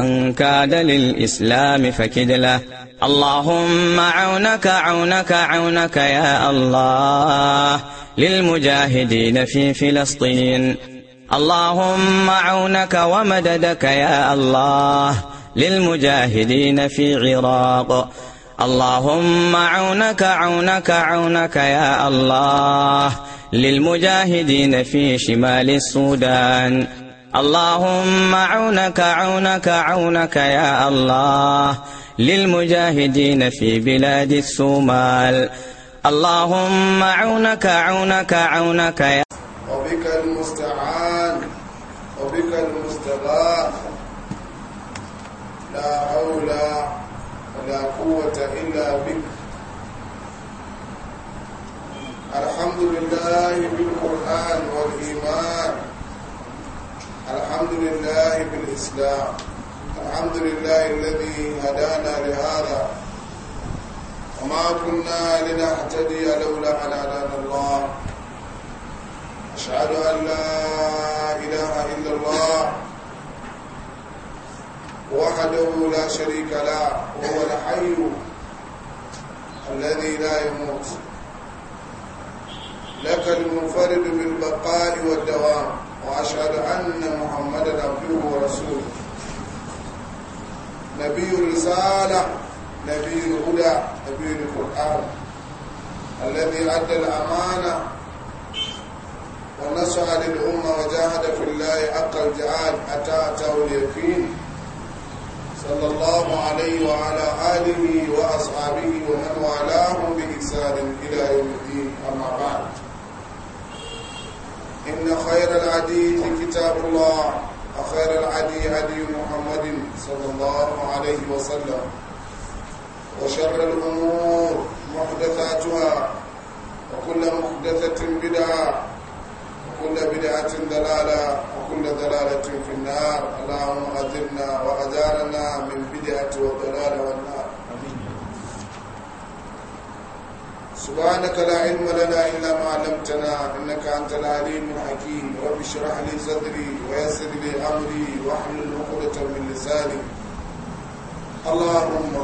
من كاد للإسلام فكد له اللهم عونك عونك عونك يا الله للمجاهدين في فلسطين اللهم عونك ومددك يا الله للمجاهدين في عراق اللهم عونك عونك عونك يا الله للمجاهدين في شمال السودان اللهم عونك عونك عونك يا الله للمجاهدين في بلاد الصومال اللهم عونك عونك عونك يا وبك المستعان وبك المستغاث لا حول ولا قوة إلا بك الحمد لله بالقرآن و الحمد لله بالإسلام الحمد لله الذي هدانا لهذا وما كنا لنهتدي لولا أن هدانا الله أشهد أن لا إله إلا الله وحده لا شريك له وهو الحي الذي لا يموت لك المنفرد بالبقاء والدوام وأشهد أن محمدا عبده ورسوله نبي الرسالة نبي الهدى نبي القرآن الذي أدى الأمانة ونصح للأمة وجاهد في الله حق الجهاد حتى أتاه اليقين صلى الله عليه وعلى آله وأصحابه ومن والاهم بإحسان إلى يوم الدين أما بعد إن خير الحديث كتاب الله وخير الهدي هدي محمد صلى الله عليه وسلم وشر الأمور محدثاتها وكل محدثة بدعة وكل بدعة دلالة وكل دلالة في النار اللهم أجرنا وأجارنا من بدعة والضلال والنار سبحانك لا علم لنا إلا ما علمتنا إنك أنت العليم الحكيم رب اشرح لي صدري ويسر لي أمري واحلل عقدة من لساني اللهم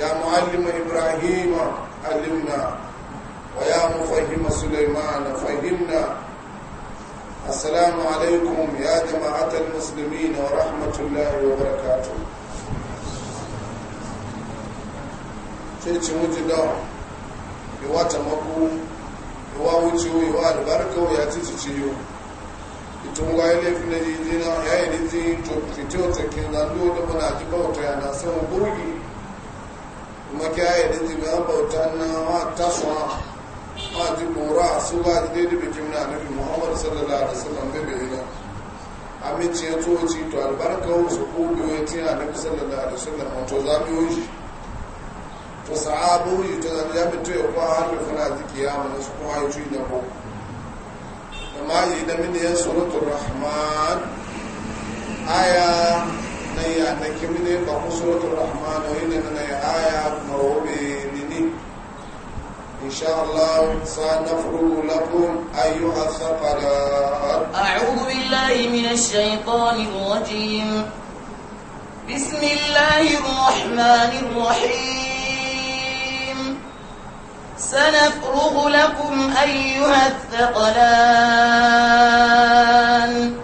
يا معلم إبراهيم علمنا ويا مفهم سليمان فهمنا السلام عليكم يا جماعة المسلمين ورحمة الله وبركاته. Church, what you know? ìwà tàmọ́kú ìwà wúchi ó ìwà àdìbáríkà ó yà títí tí yóò ìtòǹgà ilé ìfúnlẹ̀ yìí dínà ìyá ìdí tí tó fìtí ó tẹ̀kì ńlá ló dọ́gbọ́n náà àjíbá ọ̀tọ̀ yà náà sẹ́wọ̀n gbóògì ìmọ̀kí ayé ìdí tí gbọ́n bọ̀ ọ̀tá náà wọ́n àtàṣọ́ wọ́n àti gbòòrò àṣùgbà àti déédéé bèkí mi náà níbi muhammadu sallallahu alaihi wasallam bèbè yìí náà àmì tiẹ̀ tó ti tọ̀ àdìbáríkà ó sọ kó gbé wọ́n tí àníbi sallallahu alaihi wasallam yi وصعابه يتذب يمتو يقوها عن مفنات كياما نسبوها يجوي نبو لما يجد من هي سورة الرحمن آية نيا نكي من هي بقو سورة الرحمن وإن من هي آية مروبين إن شاء الله سنفرغ لكم أيها الثقلات أعوذ بالله من الشيطان الرجيم بسم الله الرحمن الرحيم سنفرغ لكم أيها الثقلان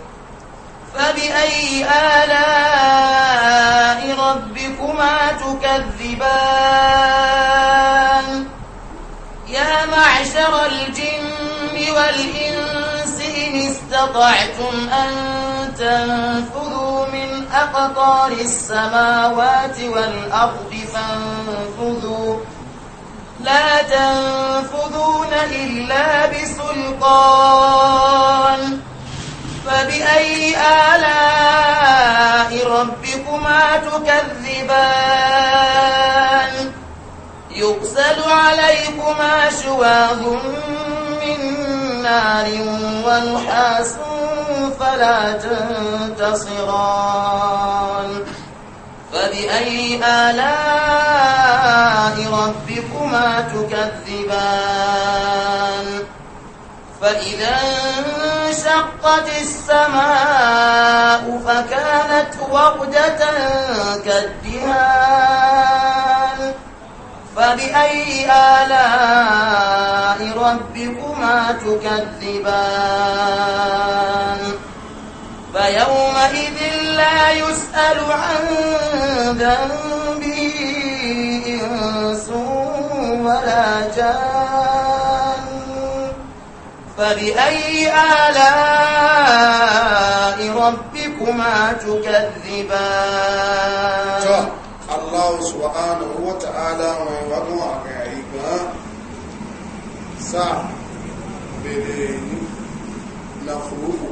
فبأي آلاء ربكما تكذبان يا معشر الجن والإنس إن استطعتم أن تنفذوا من أقطار السماوات والأرض فانفذوا لا تنفذون إلا بسلطان فبأي آلاء ربكما تكذبان يقسل عليكما شواظ من نار ونحاس فلا تنتصران فبأي آلاء ربكما تكذبان فإذا انشقت السماء فكانت وردة كالدهان فبأي آلاء ربكما تكذبان فيومئذ لا يسأل عن ذنبه إنس ولا جان فبأي آلاء ربكما تكذبان الله سبحانه وتعالى ويوضع عيبا سا بلين نخلق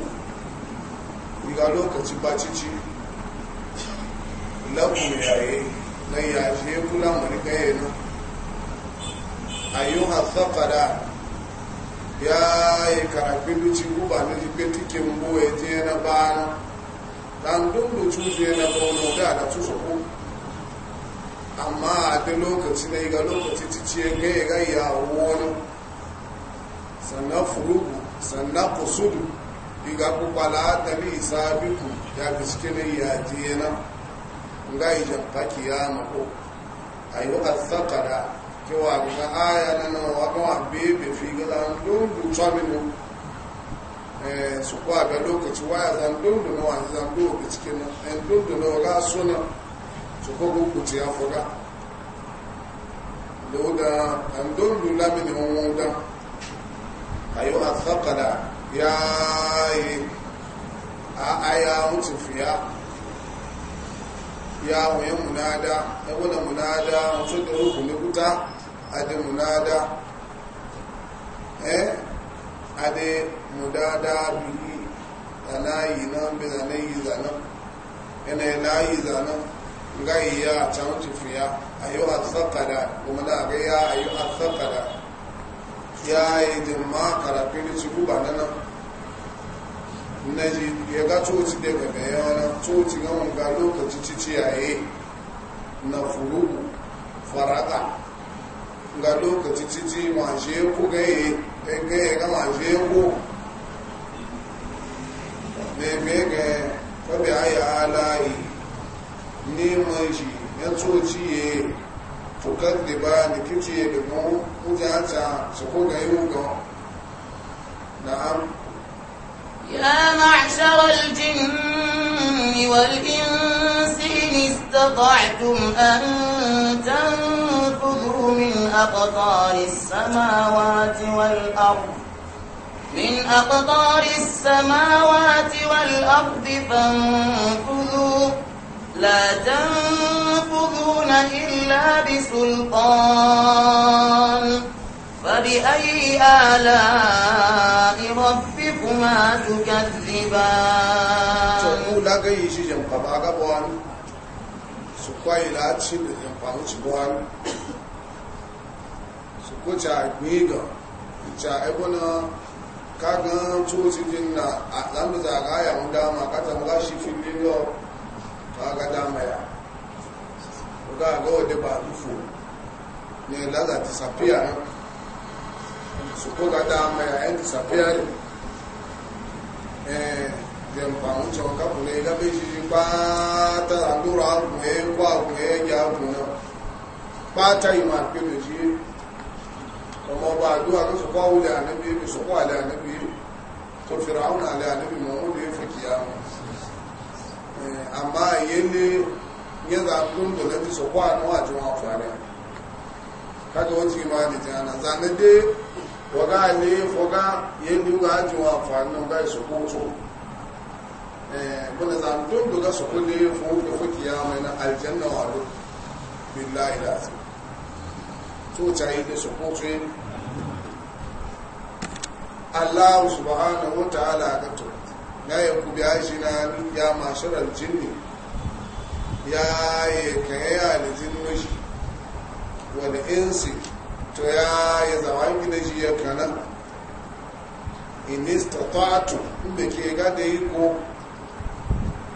ga lokaci bacici cici lagun yaye na yashe kula mani gaye na ayyuka safara ya yi karafi duci guba na jikin tikin buwa ya je na bana ɗan dundu cuje na bono ga da tuso ko amma a da lokaci na yi ga lokaci ciciyar gaya gaya wani sannan furugu sannan kusudu biga kukwala tabi sabiku ya biskini ya tiyena nga ijan paki ya ayo azzakara kewa e, e, ga aya na na waka wa bebe fi ga zan su kwa ga lokaci waya zan dundu na wani zan dundu biskini en dundu na suna su ko kukuci ya fuga da wuda an lamini wani wuda ayo azzakara yi a aya mutu fiya ya waye munada ya wuna munada mutu da ruku ne kuta ade munada eh ade mudada bihi zanayi nan bi yi zanan yana yanayi zanan ga ya can fiya wa tsakada kuma da ga ya wa tsakada ya ịdị ma karafin ci guba na e. na ji ya ga coci daga bayan wani ya ga wanga lokaci ya ciyaye na furu faraka ga lokaci ci ci waje ku gaye ya ga waje ku ga gaye kwabi aya alayi neman ya coci ya تكذبان كتي دمو مجاتا سكوك يوغو نعم يا معشر الجن والإنس إن استطعتم أن تنفذوا من أقطار السماوات والأرض من أقطار السماوات والأرض فانفذوا لا تنفذون إلا بسلطان فبأي آلاء ربكما تكذبان تقول لغي شي جنقب أغبوان سكوي لا تشيل جنقب أغبوان سكوتا ميغا ta ebona kagan tsohon cikin na a tsanin zagaya wanda makata mula shi filin yau kaga dama ya ga ga wadda ba rufo ne laza ta safiya nan su ko eh dem pa un cho ka bu ne ga be ji pa ta la du ra bu e kwa bu e ya bu na pa ta i ma pe be ji ọmọ ọba àdúrà ló sọ fọ́ wúlẹ̀ ànábì èmi sọ fọ́ àlẹ́ ànábì tó fìrà áwọn àlẹ́ ànábì mọ́ ó lè fẹ́ kìí àwọn amma nye yadda ya zaɓin da na bisa kwanu a jin amfani kaga wajen imani jana zane dai waga ne foga yadda ga jin amfani ga su kotu kuna zane tun daga su kulle da fuki ya mai na aljanna wa duk billahi da su to cayi da su kotu Allah subhanahu wa ta'ala ga tuba ga ya ku biya shi na ya masharar jinni ya yi kayaya da jinni shi wani insi to ya yi zaman gina shi ya kana inista ta'atu inda ke gada yi ko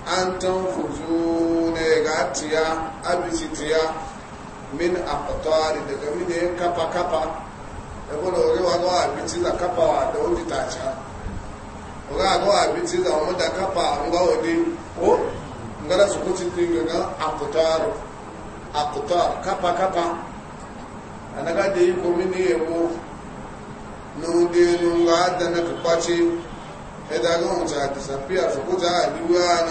an tanfuzu ne ga tiya abisi tiya min akwatori daga mini kafa-kafa da kuna wuri wa zuwa abinci da kafa da wuri ta ga abi ti za mu da kapa an ga wani ko ngala su kuci din kapa akutar akutar kafa kafa anaga da yi komi ne yabo nude nunga da na kapace eda ga mu ta disappear su kuta adiwa na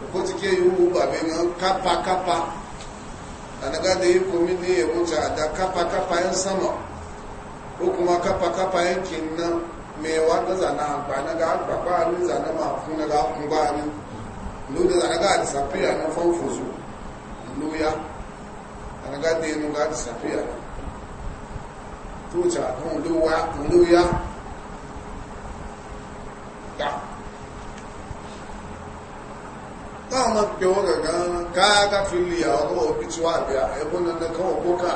su kuci ke yi ubu ba kapa kapa, kafa anaga da yi komi ne yabo ta da kafa kapa yan sama o kuma kapa kapa yan kinna mai wanda zana amfani ga alfafa ne zana mafi na gafin gwani lu da zana ga a disafiya na fanfusu luya zana ga da yanu ga disafiya tuca kan luya ga táwọn máa pè wọ́n gàgán káàkà fi lè àwọn ọ̀pí tí wà bí i ẹgbọ́n dandan kan ọ̀pọ̀ ká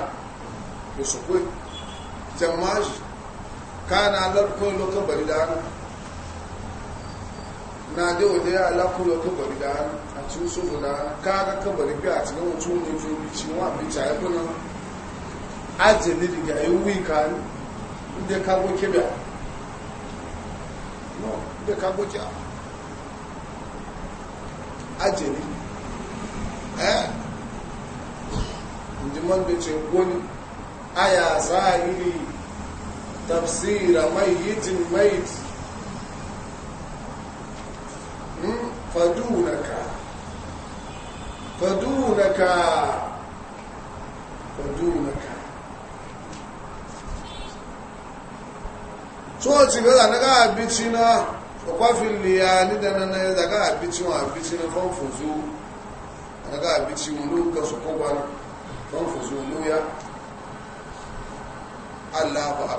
lòsùpé jẹ máàjì kana na dé òdé alákọ́ a gbọ̀dìdánù àti òṣòfò náà káàkọ́ gbọ̀dìgbé àti lọ́wọ́ tó ní ojú omi tí wọ́n àmì ìjà ẹgbọ́n náà á jẹ́ nídìgà ewu ka ndé kágbó kébà No, ndé ka jà á a je ẹ́ ǹdí mọ́ndé tí ó gbóni تفسير ميت ميت فدونك فدونك فدونك coci ga zana ga abici na kwakwafin liyani da nan ya zaga abici wa abici na fanfuzo na ga abici wulu allah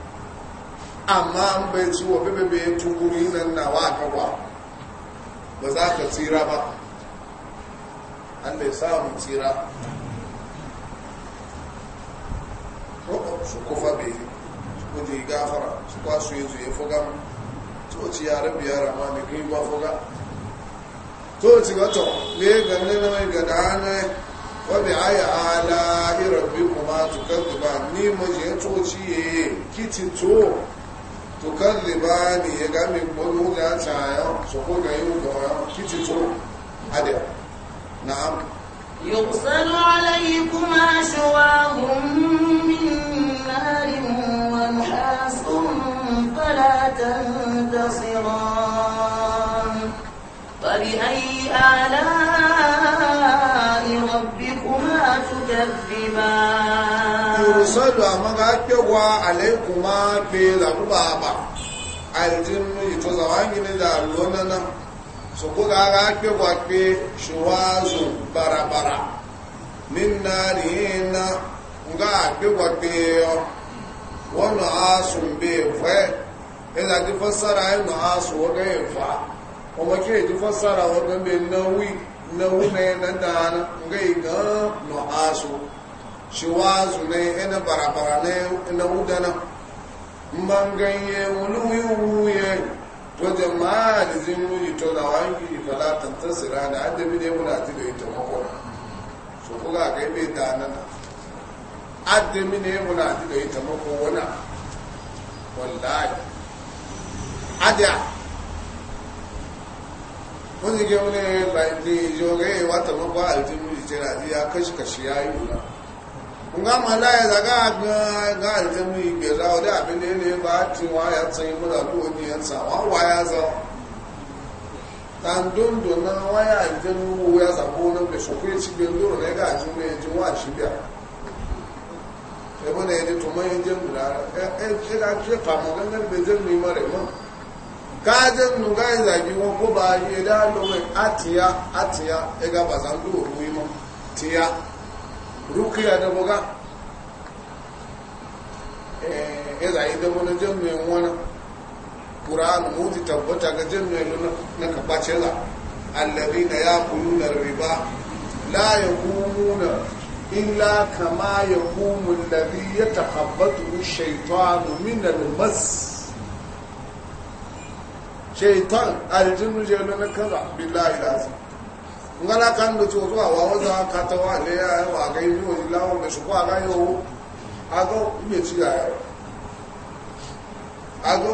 amma an bai ciwo bebe tukuri nan na wa ka ba ba za ka tsira ba an bai samun tsira su kufa bai kuje gafara su kwasu yanzu ya fuga toci ya rabu ya rama da gaiwa fuga toci gato ne ganin mai gada hannun wabi aya ala irabbi kuma tukar da ba ni toci ya kitin to تكذبان يا غامي مولو لا تايا سوكو غايو غوا كيتي تو ادي نعم يغسل عليكما شواه من نار ونحاس فلا تنتصران فبأي آلاء ربكما تكذبان yusalu amma ga kyowa alaikuma fe zaku ba ba aljin ito zawangi ne lona ga ga kyowa fe barabara ga kyowa fe wannan asun be fe ina ti fassara yin asu waga yin fa kuma ke na ga shi wa ne ina barabara ne na udana man ganye wuluwuye to jama'a da zin yi to da wangi fala sira da adabi ne muna ji da ita mako so kuga kai bai da nan adabi ne muna ji da ita mako wana wallahi ada wani gemu ne ba yi wata mako aljin wuli ce na ya kashi kashi ya yi wula nga malaya daga ga aljanu ibe rawo da abin da ne ba ti wa ya tsayi mu da duwani ya sa wa wa ya za tan dun na wa ya aljanu ya sa ko na be so ko ci be ndoro ne ga ji ji wa shi ne e, e, e ga mo ga ne mare mo ka je nu ga ya ji wo ko ba ye da lo atiya atiya e ga ba mu tiya rukiya da muga ya zai da wani jami'in wani ƙura'an mutu tabbata ga jami'in na kabacin za allabi na ya kulu na riba la ya kumuna illa kama ya kumun labi ya takabbatu shaitanu minal mas shaitan aljinu jami'in na kaza billahi lazim ngala kan do chozo wa wa za ka to wa le ya wa ga yi wo la wo me su kwa ga yo ago me ti ga yo ago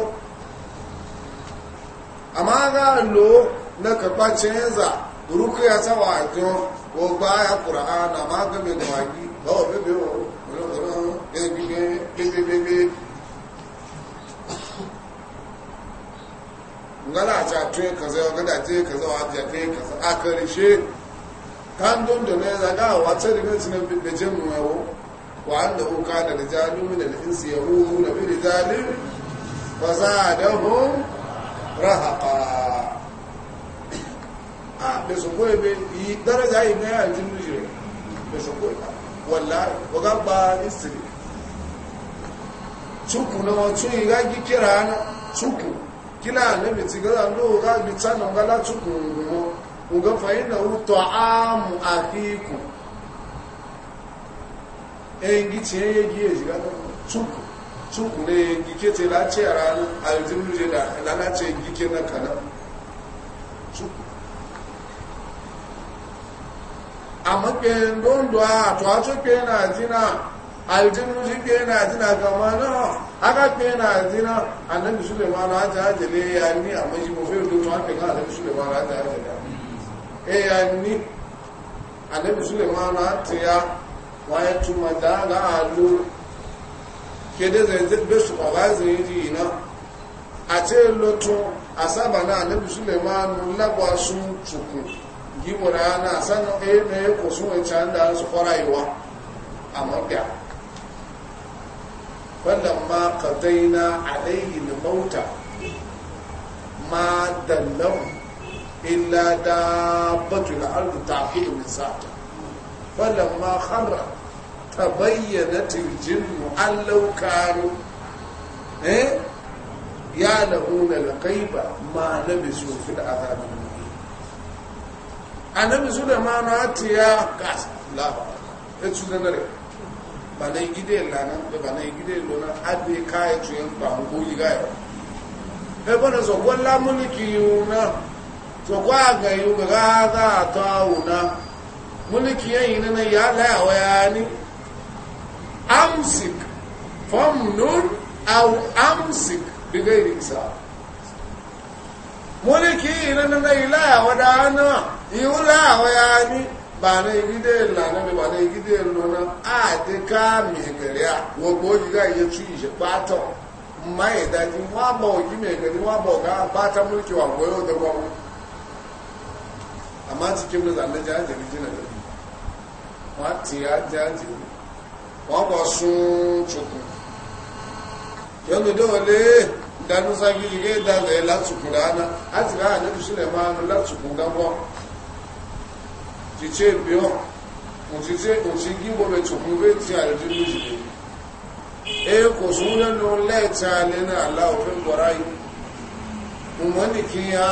amaga lo na ka ba chenza ruku ya sa wa jo wo gba ya qur'an amaga me ga gi ba o be be o lo lo e bi be be be be ngala a ca tuye kaza wa gada tuye kaza wa ajiya tuye kaza a karshe kan don da na zaga a wata da nan sinan da jin nuwawo e wa an da uka da rijalun min al-insi yahudu na bi rijalin fa zadahum rahaqa a da su koyi be yi daraja yi na yanzu nujire da su koyi e wallahi wa gaba ba tsuku na wa tsuyi ga kira na tsuku kila annabi ti ga zando ga bi tsana ga la tu ko go ko ga fa inna hu ta'amu akiku en gi ti gi e ga tu ko tu ko ke te la ti ara ni aljin lu je da la la ti gi ke na kana tu ko amma ke ndondo a to a ke na jina aljinu shi ke na jina kama na aka ke na jina annabi suleiman aja ajele ya ni a shi mo fe do to aka ga annabi suleiman aja ajele e ya ni annabi suleiman atiya wa ya tuma da ga alu kede zai be supervise ji ina a ce lotu asaba na annabi suleiman lagwa sun tukun gimura na san e ne ko sun e chanda su fara yiwa amma ga فلما قضينا عليه الموت ما دلهم إلا دابة الأرض تأكل من ساعته فلما خر تبينت الجن أن لو كانوا إيه؟ يعلمون الغيب ما لبسوا في العذاب المهين أنا بزول ما نعطي يا كاس لا أتسلنا لك bana gide lana be bana gide lona abe kai tu en pa ngo yiga yo e bona so wala muliki una, zo kwa ga yu ga ga ta una muliki yin na ya la wa ya ni amsik famnun aw amsik bi gairi hisab muliki yin na ila wa dana yula wa ya ni bana igide la na be bana igide no na a de ka mi gere a wo bo ji ga ye tu ise pato ma e da ji wa mo ji me ga ni wa mo ga ba ta mu ki wa wo yo de ko amma ti kim da na ja ja ni ji na ga wa ti a ja ji wa ko sun chukun yo no do le danu sa gi ge da le la chukun ana a ti ga na bi sule ma la chukun ga bo títí èbíọ́ òtí gígbò rẹ̀ tòkún bẹ́ ti àrẹ̀dí lójìlẹ̀ èyí kò sún lẹ́nu lẹ́ẹ̀ta lẹ́nà àlá òfin gbọ́ra yìí wọ́n ní kí á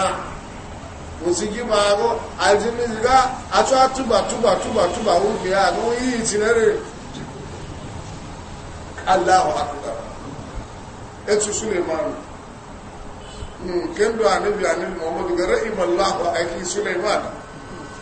òtí gígbà àgọ́ àrẹ̀dí lójìlẹ̀ atú àtúbà túbà túbà túbà ó fi àgọ́ yìí ti lẹ́rẹ̀ aláwọ̀ àkùdà ètù súnlẹ̀ márùn kendo anabi anabi muhammadu ga ra'imallahu aki suleiman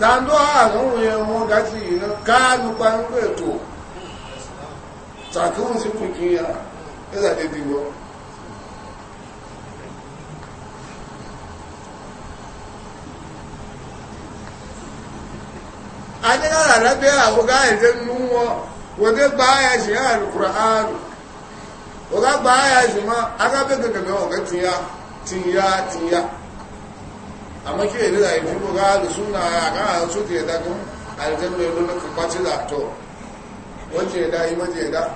tando haka wuyen wọn gasi na ka anyị eto takun si kukin ya ila na diwo adega la rabe awoga ede nuwo wode baya shi alquran oga baya shi ma aga be gbe me o ga tiya tiya amma ke yi da yi jibu ga da suna ya kan a su ke dagun aljan mai wani kubaci da to wace da yi maje da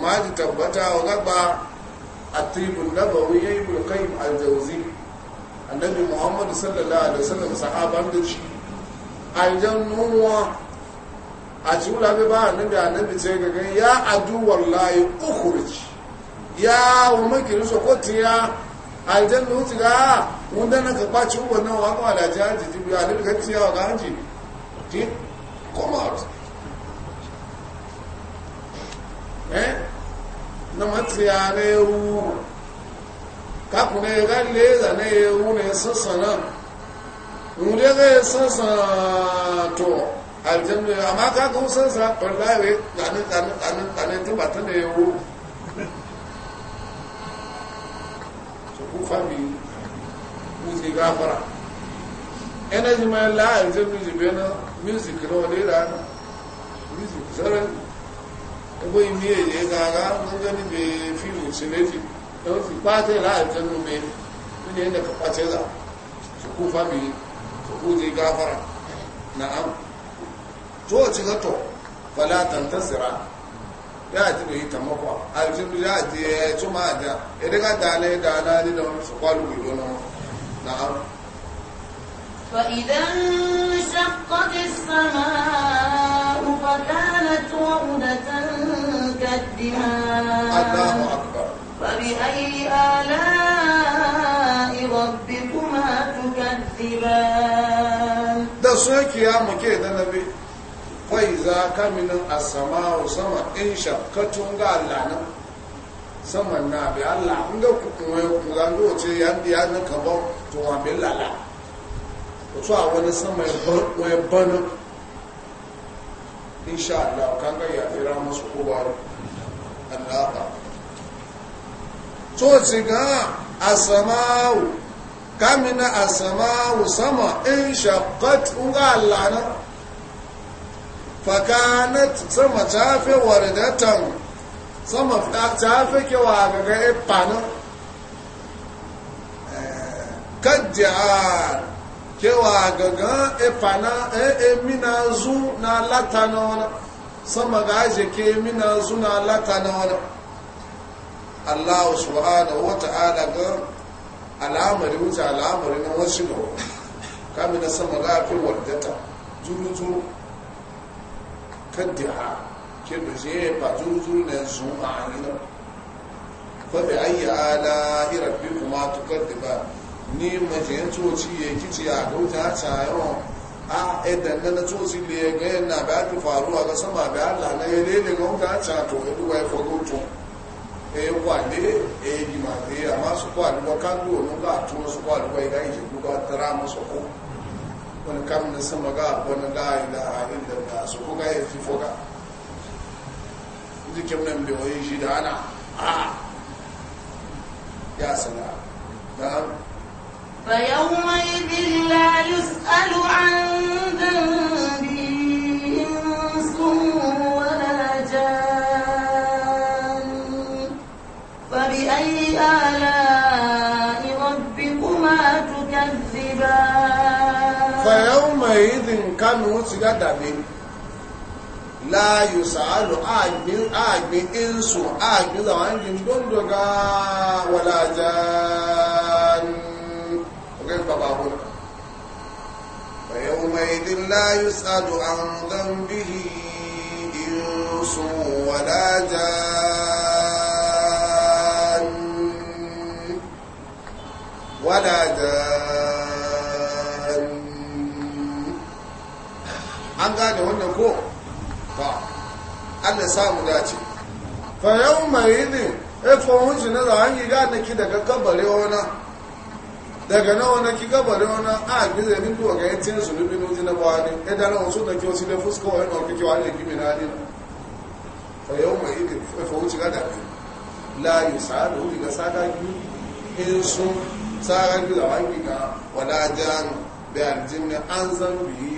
ma ji tabbata wa gaba a tribun da ba wani yayi bulkai aljauzi annabi Muhammadu sallallahu alaihi wasallam sahaban da shi aljan numuwa a ci wula bai ba annabi annabi ce ga gani ya aduwallahi ukurci ya wa makirisa ko ya? aljanna wuce ga wanda na ka kwaci wannan wa kuma da jaji jibi a duk kan ciyawa ga hanji ti come out eh na matsiya na ne wu ka kuma ya ga leza ne wu ne sassana mu dai ga sassana to aljanna amma ka ga sassana wallahi ga yi ga nan ga nan tun ba ta ne wu kufami wuzi gafara energy ma la zai music bena music na wani rana music zarar ebo imi eje gaga gani be filu sinefi don fi pate la yanzu me ne ne ka pate za su kufami su wuzi gafara na'am to ci ga to fala tantasira ya ti do yi kama kwa alhamdu ya ti e to ma da e de ka da le da na ni don so kwa lu do no na am fa idan shaqqat as-samaa'u fa kanat wa'datan kaddihan Allahu akbar fa bi ayyi ala'i rabbikuma tukaddiban da so kiyama ke da nabi faiza kaminin a samawa sama in shakkatun ga Allah nan saman na bi Allah in ga kuma ya kura lokaci ya biya na kaba to wa bi lala wato a wani sama ya in sha Allah kan ga ya fira musu kowa Allah ba to ga a samawa kamina a samawa sama in shakkatun ga Allah nan fakanat sama tafe wardatan sama tafe kewa gaga ipana kajjar kewa ga ipana emina zu na lata na wani sama gaje ke emina zu na lata na wani Allah subhanahu wa ta'ala ga al'amari wuce al'amari na wasu ga kami na sama gafe wardatan juru-juru kaddi a ke da je ba zuru zuru na zuwa a ina fabi yi ala irabbi kuma tukaddi ba ni majiyan toci ya kici a gauta ta yawan a idan na na toci ne ga yana ba ta faruwa ga sama ga allah na ya lele gauta ta to ya duwa ya fagoto ya kwale ya yi ma ya masu kwale ba kan duwa nuka a tuwa su kwale ba ya ga yi shi duka tara masu kuma wani kam na sama ga wani la'ayi la'ayi da na su kuka ya fi foka jikin nan da wani shi da ana a ah, ya sana na فيومئذ لا يسأل عن ذنبه إنس ولا جان فبأي آلاء ربكما تكذبان yawma idhin kanu siga dabe la yusalu agbin agbin insu agbin zaman jin dondoga wala jan oge baba hun fa yawma idhin la yusalu an an gane wannan ko ba allah samu dace fa yau mai idin efon eh, hujji na za an na ki daga kabare wana daga nawa na ki kabare wana a gizo min duwa ga yantin su nubi nuji na bawa ne eh, ɗaya na wasu da kyau eh, su da fusko wani na ke wani yanki mai nani fa yau mai idin efon hujji ga dafi la yi sa'adu hujji ga sagagi in sun sagagi da wani ga wala jan da aljinna an zan biyi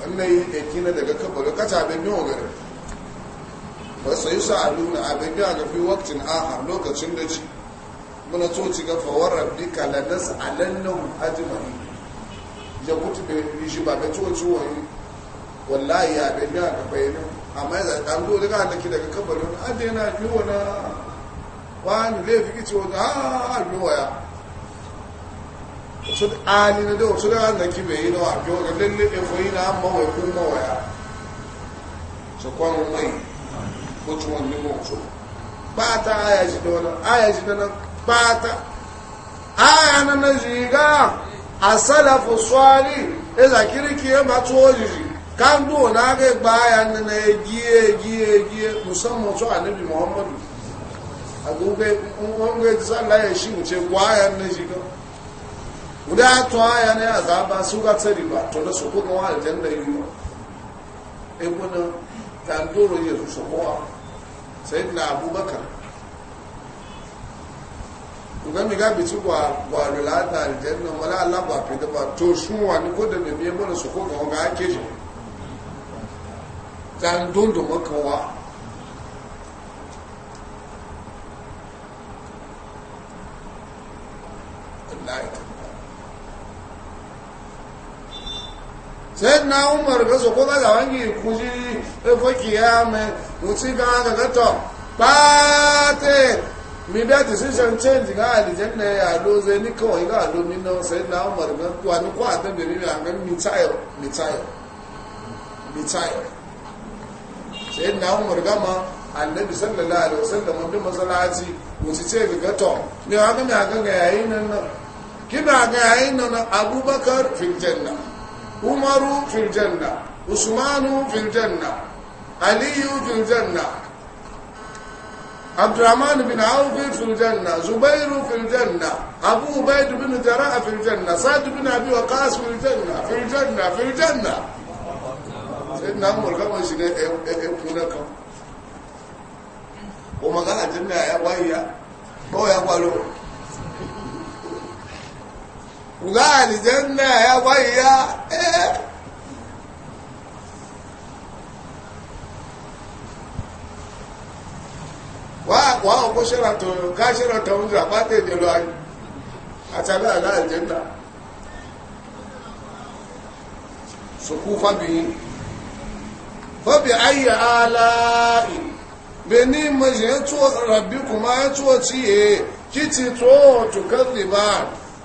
wannan yi na daga kabaga kata abin yi gari. ba su yi na abin yi a gafi waktin aha lokacin da ci muna to ci ga fawar rabbi kalandas alannan ajimani ya kutu da shi ba bai coci wani wallahi ya abin yi a gaba yi amma ya zai ɗan dole ga halaki daga kabarin adina yi na. wani laifin ci wani a ah, waya wasu alini da wasu da hannun kibe yi da wafi wa gallin nufin yi na mawai kun mawaya su kwanu mai mutu wani mutu ba ta aya shi da wani aya shi da nan ba ta aya na na jiga a salafu swali ya zakiri kiye matu ojiji kan do na gba aya na na giye giye giye musamman su anabi muhammadu a gobe in wani ga sallah ya shi mu ce aya na jiga guda to aya ne azaba su ga tsari ba to da su ko ga wani janna yi no e kuna ta doro ya su so ko sai na abubakar ga mi ga bi ci gwa gwa lula ta aljanna wala Allah ba fi da ba to su ni ko da ne mana su ko ga ga ake ji ta dondo makawa Allah ya sai umar ga so ko ga da wangi kuji e ko kiyame mutsi ga ga gato pate mi da decision change ga aljanna ya do zai ni kawai ga do min na sai umar ga ko an ko atan da ni ga mi tayo mi tayo mi tayo sai umar ga ma annabi sallallahu alaihi wasallam bin masallaci mutsi ce ga gato ne ha ga ga yayin nan kina ga yayin nan abubakar fil janna umaru fil janna usmanu fil janna aliyu fil janna abdurrahman bin auf fil janna zubairu fil janna abu ubaid bin jarrah fil janna sa'd bin abi waqas fil janna fil janna fil janna sayyidina umar kaman shi ne e kuna kan o magana janna ya waya ba ya wùlá àlìjẹ́ náà ya bá ìyá ẹ́ wà àwọn kó ṣẹ́ra tó ká ṣẹ́ra tó ń jà bá tèdè lọ àtàlẹ́ àlá àlìjẹ́ náà sùkú fábìyìn fábì ayé aláì bẹ ní mọ̀ṣẹ́ tó ràbí kùmá tó tí è kí ti tó tó kẹ́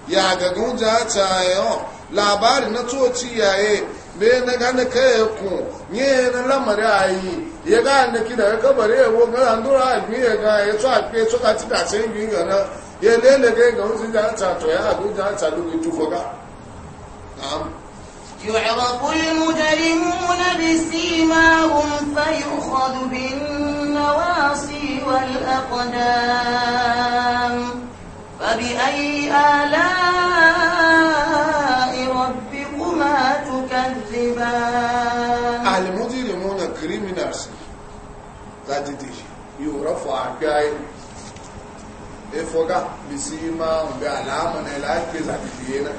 ya gagun ja cayo labari na toci yaye be na gane kaya ku nye na lamari ayi ya ga na kida ya kabare ya wo gara ndura agbi ya e ga ti da se ngbi ngana ya lele ga ga un ja ta to ya agun يعرف المجرمون بسيماهم فيؤخذ بالنواصي والأقدام فبأي آلاء ربكما تكذبان المجرمون كريمينالز that is you رفع عقاي افوغا بسيما بعلامنا لا يكذب فينا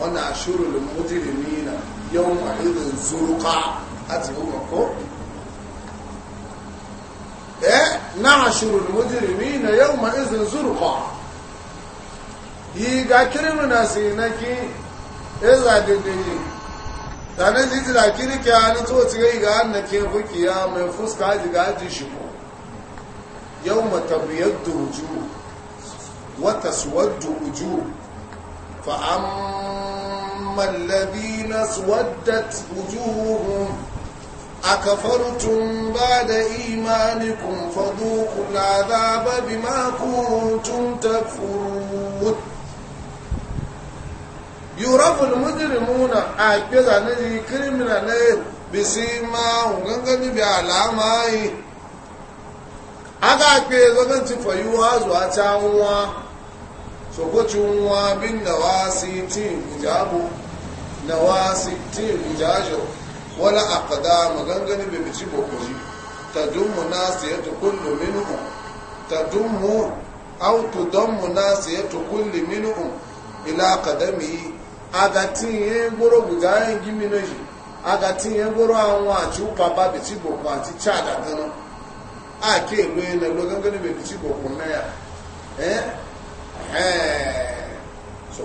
وانا اشور للمجرمين يوم عيد الزرقاء اتبعوا مكوب نعشر المجرمين يومئذ زرقا يغا كرمنا سينكي إذا ددني tare da jira kirki a ni to tsiga ga annake fukiya mai fuska ji ga ji shi ko yau wuju wa taswaddu wuju fa amma alladhina swaddat wujuhum أكفرتم بعد إيمانكم فذوقوا العذاب بما كنتم تكفرون يرفع المجرمون أكبر نجي كريمنا نير بسيما وغنغني بعلامة aga pe zogan ti fayuwa zuwa ta nwa sokocin nwa bin nawasi tin ijabu nawasi wala aqdama gangani be bici bokoji tadummu nasiyatu kullu minhum tadummu aw tudammu nasiyatu kulli minhum ila qadamihi agati ye gboro bugaye giminoji agati ye gboro awon ati upapa bici boko ati chada gana ake elu ene lo gangani be bici boko na ya eh eh so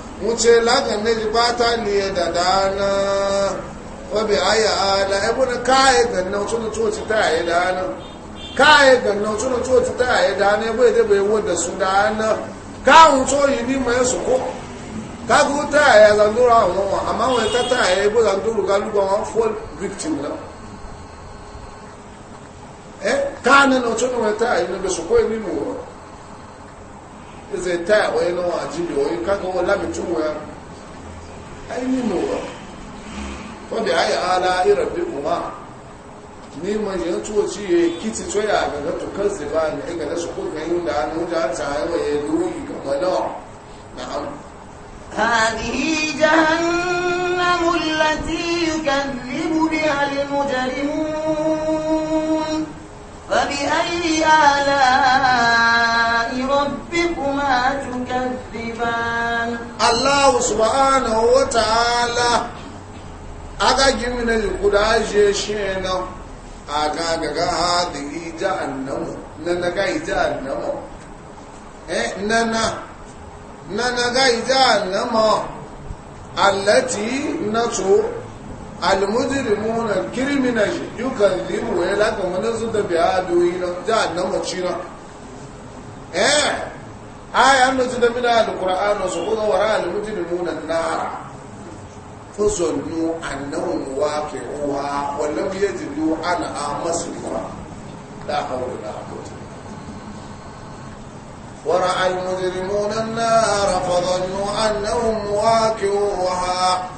wuce lagan e na ji fata ne da dana wabe aya ala ebe na kaye ganna wasu na coci e e ta yaye dana kaye ganna wasu na coci ta yaye dana ebe ita bai wadda su dana kawun coyi ni mai su ko kagu ta yaye zandura wọn wọn amma wani ta ta yaye ebe zanduru galugan wọn full victim na eh kanin na wasu na wani ta yaye na bai su koyi ni mu wọn zai taya wani na wajibi wani kaka wani lamicin waya ainihin nura wadda ya yi ala irin bi kuma ni man yin tuwaci ya kiti tsoya ga na tukar ziba ne e ga na shukun ga yin da hannu da ta haiwa ya duru ga bala na hannu هذه جهنم التي يكذب بها المجرمون فبأي آلاء ربكما تكذبان الله سبحانه وتعالى أغاجي من القداج شينا أغاجي هذه جهنم ننغاي جهنم إيه ننا ننغاي جهنم التي نتو almujrimun alcriminal yukadzibu ya laka wani su da biya doyi na jihar na macina eh aya no tun min alquran so ko wara almujrimun annara fuzunnu annahum waqi'uha wa lam yajidu an amasrifa la hawla wala quwwata ورأى المجرمون النار فظنوا أنهم واقعوها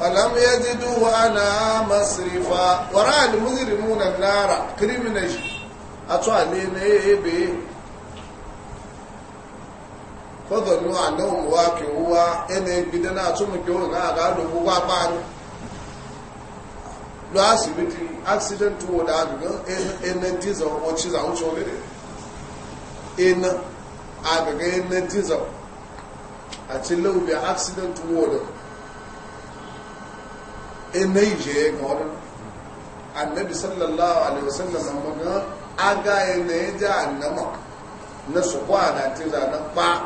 فلم يجدوا عنها مصرفا ورأى المجرمون النار كريمنج أتوا علينا إيه بيه fọ́dọ̀lú àlọ́hùn wá kí ó wá ẹni gbìdẹ́ náà túnmù kí ó náà àgbàlòwò wá páàrí lọ àṣìbìtì accident wò dáadùgán ẹni dízọ̀ wọ́n chíza ń tún lédè ẹni àgbẹ̀gẹ́ ẹni dízọ̀ àti lóòbí accident wò lọ ẹni ìjẹ́ ẹgbẹ̀ ọdún annabi sallallahu alaihi wasallam mọ̀gán aga ẹni ẹjẹ́ ànámọ̀ na sọ̀kọ́ àdàtí ìzànà pàá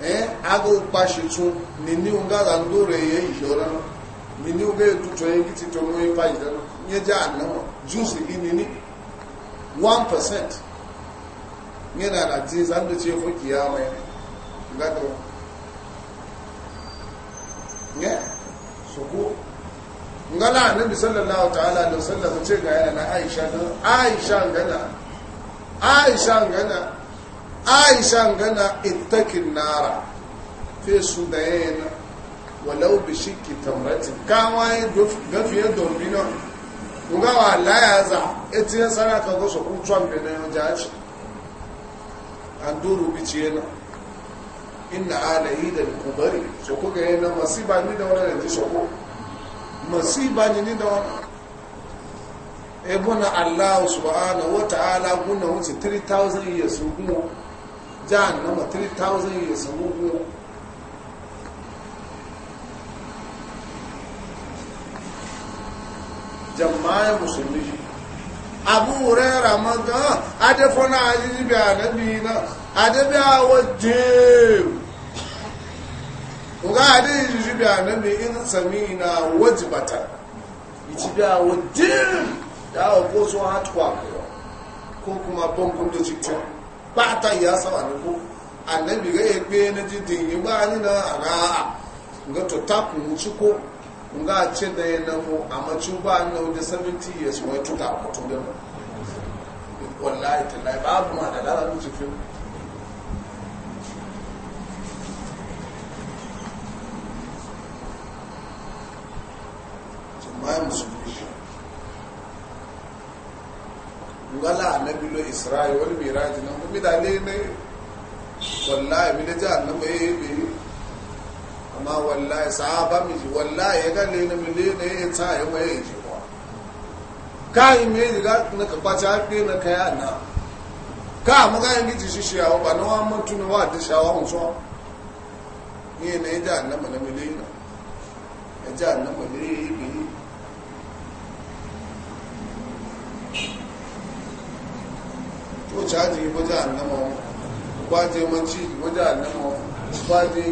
eh aga ukpashitu nini unga da ndore ye ijora nini unga tuto ye kiti to mo ye pa ijora nye ja nini 1% nye na na ti zan do ti fo kiyama ye ngato nye soko ngala annabi sallallahu ta'ala alaihi wasallam ce ga yana na Aisha Aisha ngana Aisha ngana aisha gana ittakin nara fesu da yana walau bi shiki tamratin ya gafi ya domino za layaza eti ya tsara ka gosa kutuwan yau jaji an duru bici yana inna alayi da kubari so kuka yana masiba ni da wani da ji soko masiba ni ni da wani ebuna allahu subhanahu wa ta'ala gunna wuce 3000 years gumo jahannama 3000 years ago jama'a musulmi abu hurera manga adefona ajibi anabi na adebi awo jeem oga ade ijibi anabi in sami na wajibata ijibi awo jeem da awo ko so hatuwa ko kuma bambun da cikin pátá ìyá sáwà ní kó ànẹ́bì rẹ̀ pé ní dídì ìgbà nínú àrá nga tó takùn múchúkó nga àti na ẹ̀nà mu àmàchú bá ní ọdún 70 years wọ́n tó dà pọ̀ tó lé mọ́ wọ́lá ìtẹ̀lá ìbá bùn àdàdà ló ti fi jùmọ́ ngala annabi lo isra'i wal miraj na mi da ne ne wallahi bi da ji annabi eh be amma wallahi sahaba mi ji wallahi ya ga ne mi ne ne ya ta ya mai ji wa kai me ji ga na ka ba ta na kai na ka mu ga yangi shi shi awo ba na wa mutu na wa da shawa hun so ni ne da annabi na mi ne ya ji annabi ne ko caji ko annama wa kwaje manci ko annama wa kwaje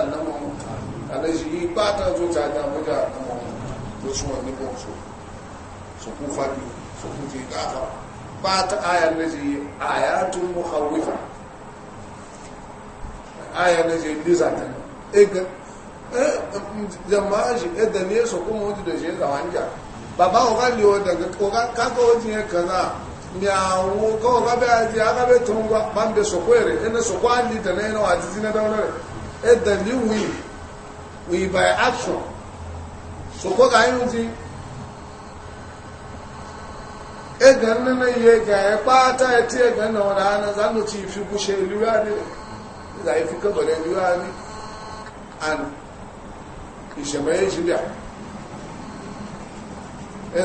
annama wa yi pata jo caja ko ja annama wa to su wani ku fadi ku ayar ayatun muhawwifa ayar lizata ega e, jama'a shi e da ne kuma wajen da shi zawanja ba ba wa ga liyo daga ƙoƙa kaka wajen ya kaza miawo kawo kabe aji akabe tungwa bambe sokwere ene sokwa ndi tene ene na dawo e the new we we by action sokwa ga yunji e ga nne na ye ga e pata e tie ga na ora na za no ti fi kushe liwa ni za e fi ka bale liwa ni an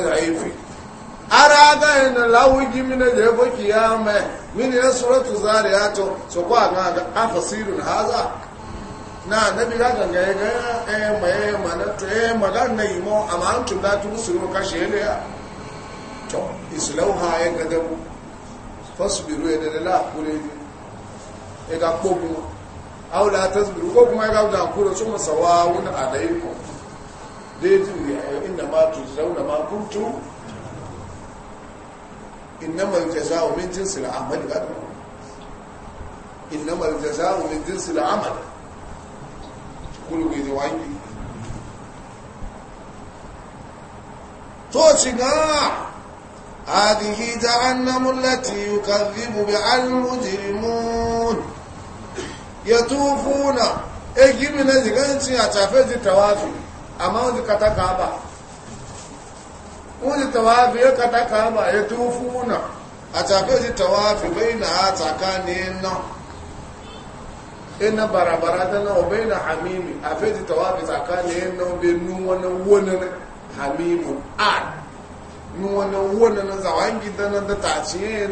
e e fi ara ga na na da yabo kiyama min ya suratu zariyatu so na haza na nabi ga ganga ya ga eh mai mana to eh magana imo amma an tun da tun ka shele ya to islauha ya ga da ya da la kure e ga kobu aw la tasbiru ko kuma ga da kure so masawawun ji ma ma إنما الجزاء من جنس العمل إنما الجزاء من جنس العمل كل قيد وعندي توتنا هذه جهنم التي يكذب بها المجرمون يطوفون اجيب نزغنتي اتفزي توافي اما ذكرتك ابا mụ dịtọ waafee kata kaaba a yedu ụfụ na àtchafu ị dịtọ waafee baina ha tsaka na ina na na barabara dana ọ baina hamimu àtchafu ị dịtọ waafee tsaka na ị na na ube nuhu na nwana hamimu a nuhu na nwana na ndị awangi dị na ndị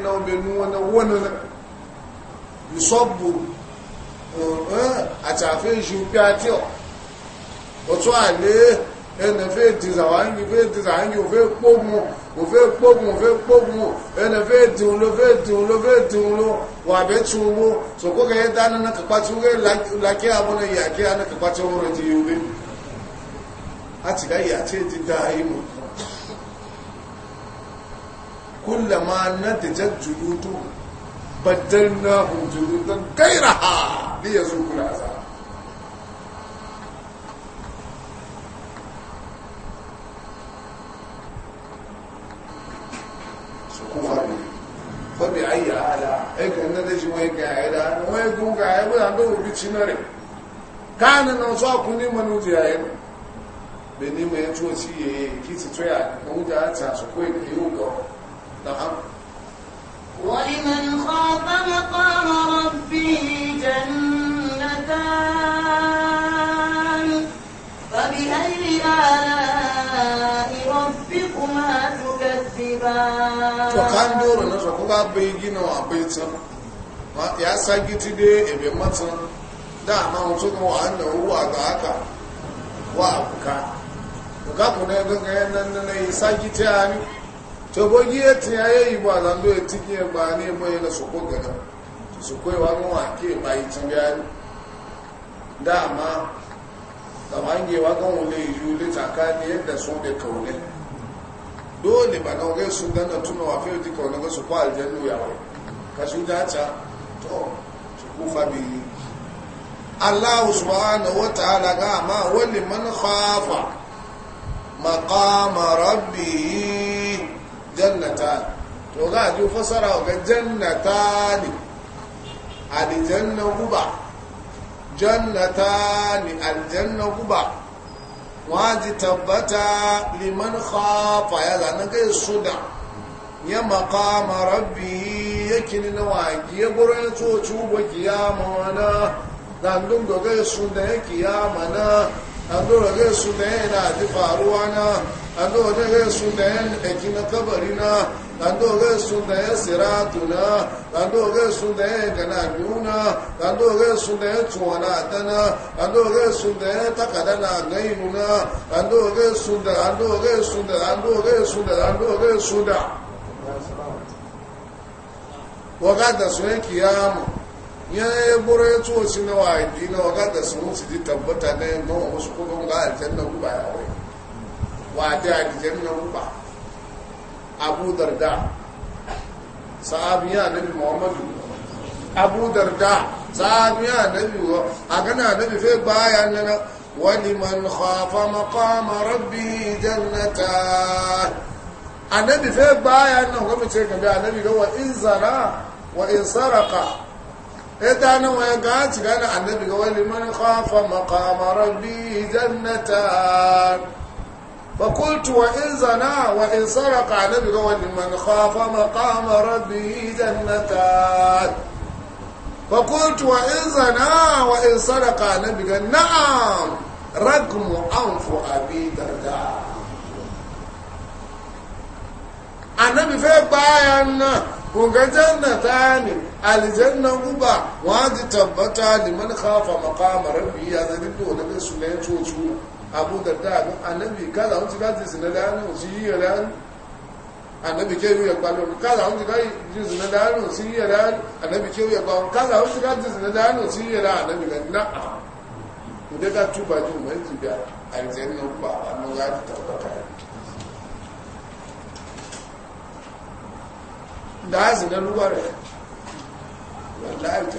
na ube nuhu na nwana nsogbu ọ ụtọ àtchafu ị ẹnẹ fẹ́ di zàwáńgì fẹ́ di zàwáńgì ò fẹ́ kpógun ò fẹ́ kpógun ò fẹ́ kpógun ẹnẹ fẹ́ diun ló fẹ́ diun ló fẹ́ diun ló wà bẹ́ tún wo sòkó kẹ́yẹ dáná náà kápá tún kẹ́ lakẹ́ àwọn ẹ̀yà kẹ́ àná kápá tún wọ́n ti yóò lé àti ká yà tí ti dá ayé mọ̀ kúlẹ̀mọ́ aná dẹ̀jẹ̀ jùlú tó tó ha yẹn àzá. kufar ne fa bi ayi ala ai kan na da shi wai ga ya da wai gun ga ya ba da ubi cinare kana na so ku ni manu ji ayi be ni mai to ci ye ki ولمن خاف مقام ربه to kan na zaku ga bai gina wa bai tsan ya sa giti dai ebe matan da ma wato wa ruwa ga haka wa abuka ku ga ga nan nan yi sa giti ani to ya ti yi ba zan do ti ke ba ne su ko ga su ko wa mu wa ke ba yi tin ga da ma kan wule yi yuli yadda da dole ba na wajen su ganin tuna wa fiye duka wani su kwa aljannu ya wai ka su dace to su kufa biyu Allah subhanahu wa ta'ala ga ma wani man khafa maqama rabbihi jannata to ga ji fasara ga jannata ne aljanna guba jannata ne aljanna guba waji tabbata liman khafa ya zana ga suda ya maqama rabbi yake ni na waji ya goro ya so ci ubo kiyama wana dandun ga ga suda ya kiyama na dandun ga suda ya na ji faruwa na ando ne ga sunna ekina kabari na ando ga sunna yan siratu na ando ga sunna yan kana duna ando ga takadana gainu na ando ga sunna ando ga sunna ando ga sunna ando ga sunna wakata sun kiyamu ya yi buru ya tuwo sinawa a idina wakata sun wuce ji tabbata na yin wasu kuma ga aljanna guba wai wata aljanna ruba abu darda sahabiya nabi muhammadu abu darda sahabiya nabi wa a gana nabi fai bayan nan wani man khafa maqama rabbi jannata annabi fai bayan nan kuma ce gabe annabi ga wa in zara wa in saraka ita e nan waya gaci ci a annabi ga wani man khafa maqama rabbi jannata فقلت وإن زنا وإن سرق نبي من خاف مقام ربه جنتان فقلت وإن زنا وإن سرق نبي نعم رقم أنف أبي درداء النبي في بايان kunga جنة ne الجنة guba وهذه tabbata لمن خاف مقام rabbi هذا zabi to da su ne abu darda abu annabi kaza hun ti danu si yi annabi ke yi ya kaza hun ti ka jinsi danu si yi annabi ke yi ya kaza hun ti ka jinsi danu si yi annabi ga na ku de ka tuba ji mai ji yanzu yan nan ba a nan ya ji tabbata da na ruwa rai wallahi ta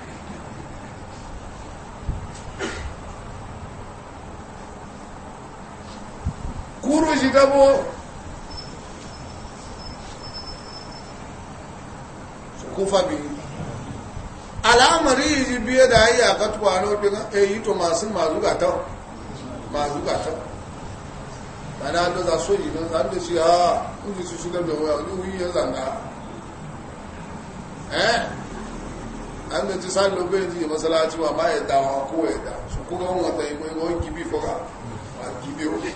gabo su kufa biyu al'amari ji biye da ayi a katuwa na obi kan eyi eh, to masu mazu gatan mazu gatan mana an doza soji don zan da shi ha ah, kuji su shigar da waya wani wuyi ya zanga eh an da ci sani lobe ji masalaci ma ba ya dawa ko ya da su kuka wata yi mai kibi gibi foka a kibi wani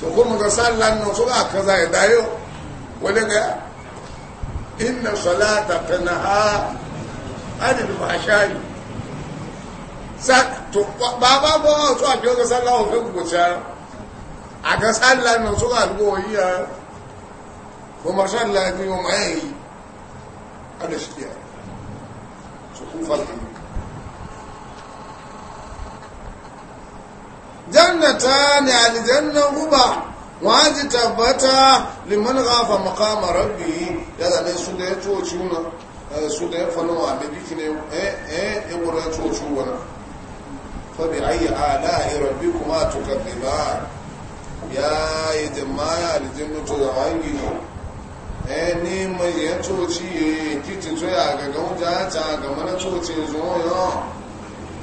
so ko mu ga sallan no so ga kaza ya dayo wala ga inna salata tanha anil fahsha'i sa to ba bo so a ga sallan o ga gucha a ga sallan no so ga go iya ko ma sallan ni o mai ada sedia so ku fatin jannata ne aljannan guba waji tabbata liman gafa maqama rabbi ya zane su da ya coci wuna su da ya fana wa da biki ne eh eh ya wurin coci wuna fa bi ayi ala rabbikuma tukadiban ya yi jama'a aljannu to zawangi eh ni mai ya coci kiti to ya ga gauja ta ga mana coci zo yo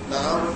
na'am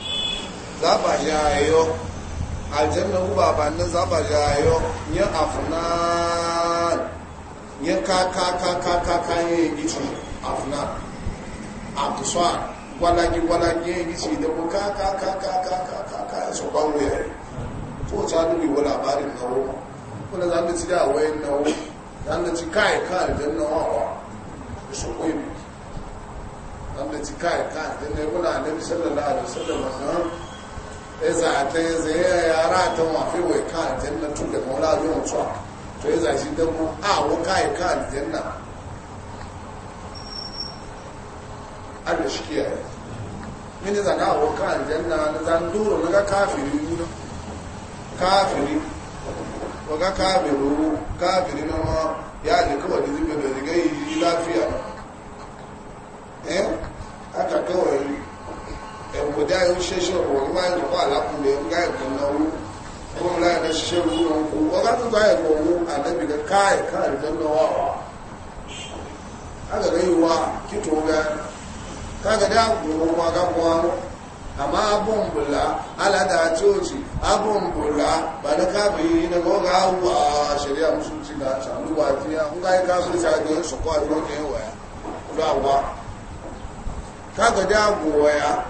zaba jayo aljanna ku babannin zaba jayo yin afnan yin ka ka ka ka ka gwalagi gwalagi yin gici da ku kakakakakaka yin su ban wuya ko ta nuna wa labarin nawo kuna za ta ci da wayan na za ta ci kai ka aljanna wawa su koyi za ta ci kai ka aljanna ya kuna annabi sallallahu alaihi wasallam eza ta zai eh, yara ta mafi wai ka aljanna tun da maula yawan tsuwa to ah, e ya zashi don mu a wa ka ka aljanna an da min da zana wa ka aljanna na zan duro na ga kafiri nuna kafiri wa ga kafiru kafiri na ma ya ji kawai da zibe da zigai lafiya eh aka kawai da yau she ko ma yi ko ala ga ko na wu ko la da ku wa ga ya ko ka da na wa aga yi wa kito ga ka ga da ko ma ga ko amma ala da abun bula ba na kabi na goga wa shari'a da sanu ba fiya kun ga ka ta ga su ko a ne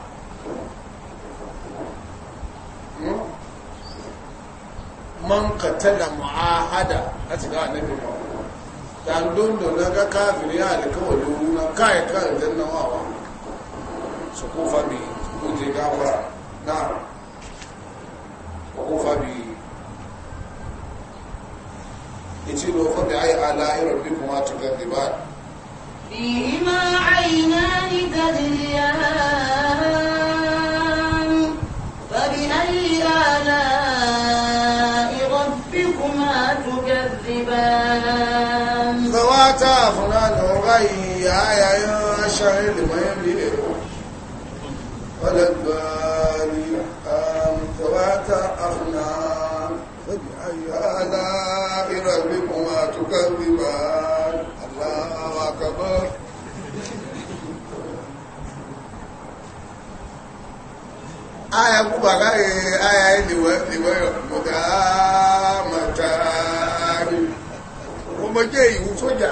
man katala mu'ahada a cikin annabi ba ta dundu na ga kafin ya alkawari na kai ka e aljanna e wa wa su kufa bi kuje gafara na kufa bi ichi da fa bi ai ala e rabbikum wa tukadziban bima ni tajriyan ta funa na wagayi ya yayin ashirin limayen biyu وللباري ذواتا أغنام فبأي آلاء ربكما تكذبان الله أكبر aya kuba kaye aya iliweyo mudamatani omoje iwu soja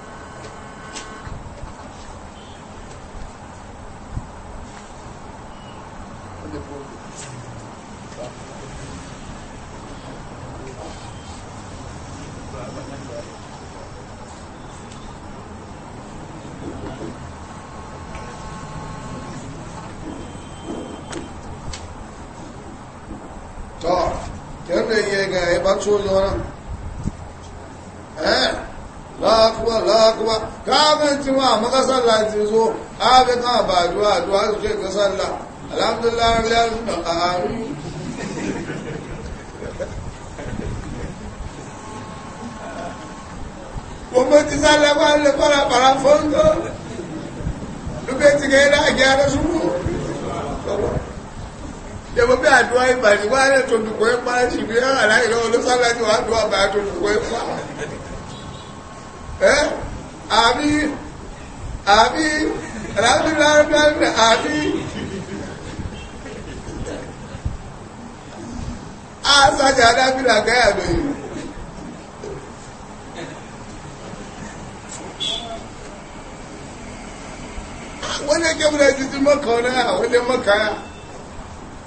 da ya ga ya a to zoran eh la kuma la ka gan ci ma maka sallah ji zo a ga ka ba duwa duwa su ka sallah alhamdulillah rabbil alamin kuma ti le para para fondo duk ya ci su ko yẹmọ bí àdúrà ìbàdí wà ní ètò ìdìbò ẹ pa ẹsì bí ẹhàn láì lọ olóṣàlàyé wà àdúrà bàá tó ìdìbò ẹ pa ẹ àbí àbí rábírábírábí àbí àṣàjà dábìlà gáyà lóyún. wọ́n lé kébùrẹ́ títí mọ́kànlá àwọn lé mọ́kànlá.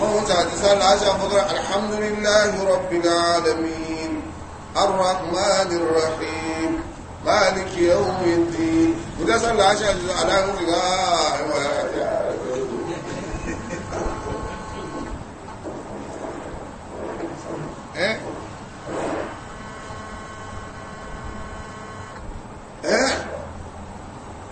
موت تسال عشاء فقرا الحمد لله رب العالمين الرحمن الرحيم مالك يوم الدين وده صلى عشاء على مغا ايه ايه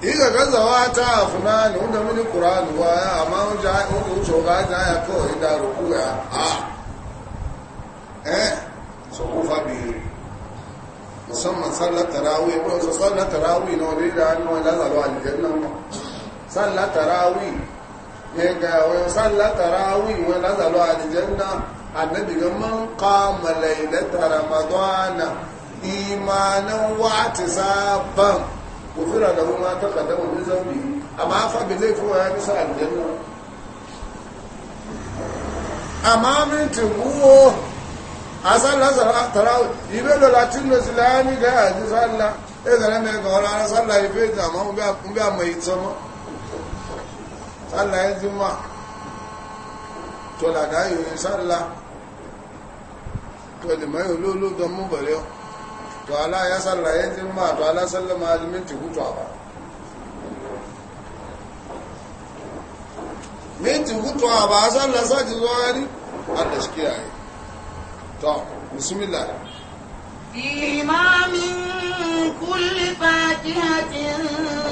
iga gazawa ta afuna ne wanda mini ƙuranu wa ya amma wani shoga ta ya kawai da ruku ya a eh so kufa biyu musamman sallar tarawih ko su sallar tarawih na wani da hannu wani lazarwa aljanna ma sallar tarawih ne ga wani sallar tarawih wani lazarwa aljanna annabi ga man kama lailata ramadana imanin wa gufira da kuma ta kaddama min zambi amma fa bi zai fuwa ya bisa aljanna amma min tuwo asan lazara tara ibe lo latin lo silani ga aji salla e zara me ga ora salla ibe ta ma mbe mbe mai tsoma salla yanzu ma to la da to ala ya salla ya ma to ala minti hutu a ba minti hutu a ba a salla saji zuwa ni allah shi kiyaye to bismillah فيهما من كل فاكهة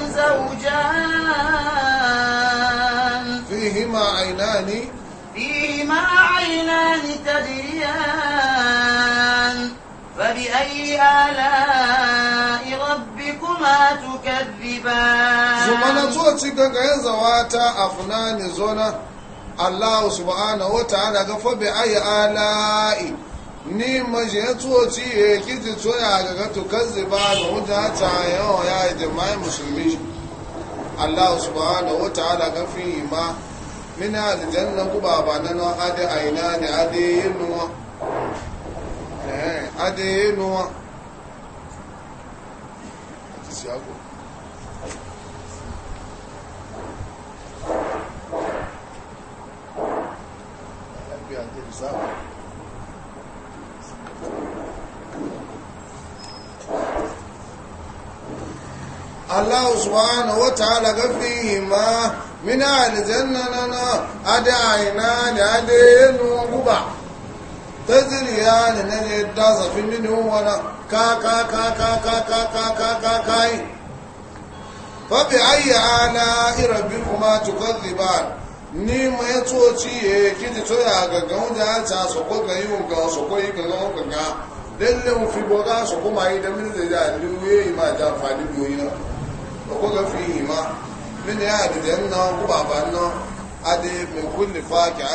زوجان فيهما عينان فيهما عينان تجريان فبأي آلاء ربكما تكذبان زمانا توتي غنغين زواتا افنان زونا الله سبحانه وتعالى غف بأي آلاء ni maje tsoci ya kiti tsoya daga tukazzi ba ga wuta ta yawa ya yi jama'i musulmi Allah subhanahu wa ta'ala gafin ma mina aljanna ku baba nan ade aina ne yin nuwa adéyénuwa àti síago ẹgbẹ́ àjẹ́rìsáwò Allah subhanahu wa ta'ala ga fihi ma min aljanna nana ada aina da adenu guba tajiri ya ne na ne da zafi mini wana ka ka ka ka ka ka ka ka ka ka irabi kuma tukadhiban ni ma ya tsoci ya kiji to ya gaga wanda ya ta so ga yiwu ga mu fi boga so kuma yi da ya yi ma ade min kulli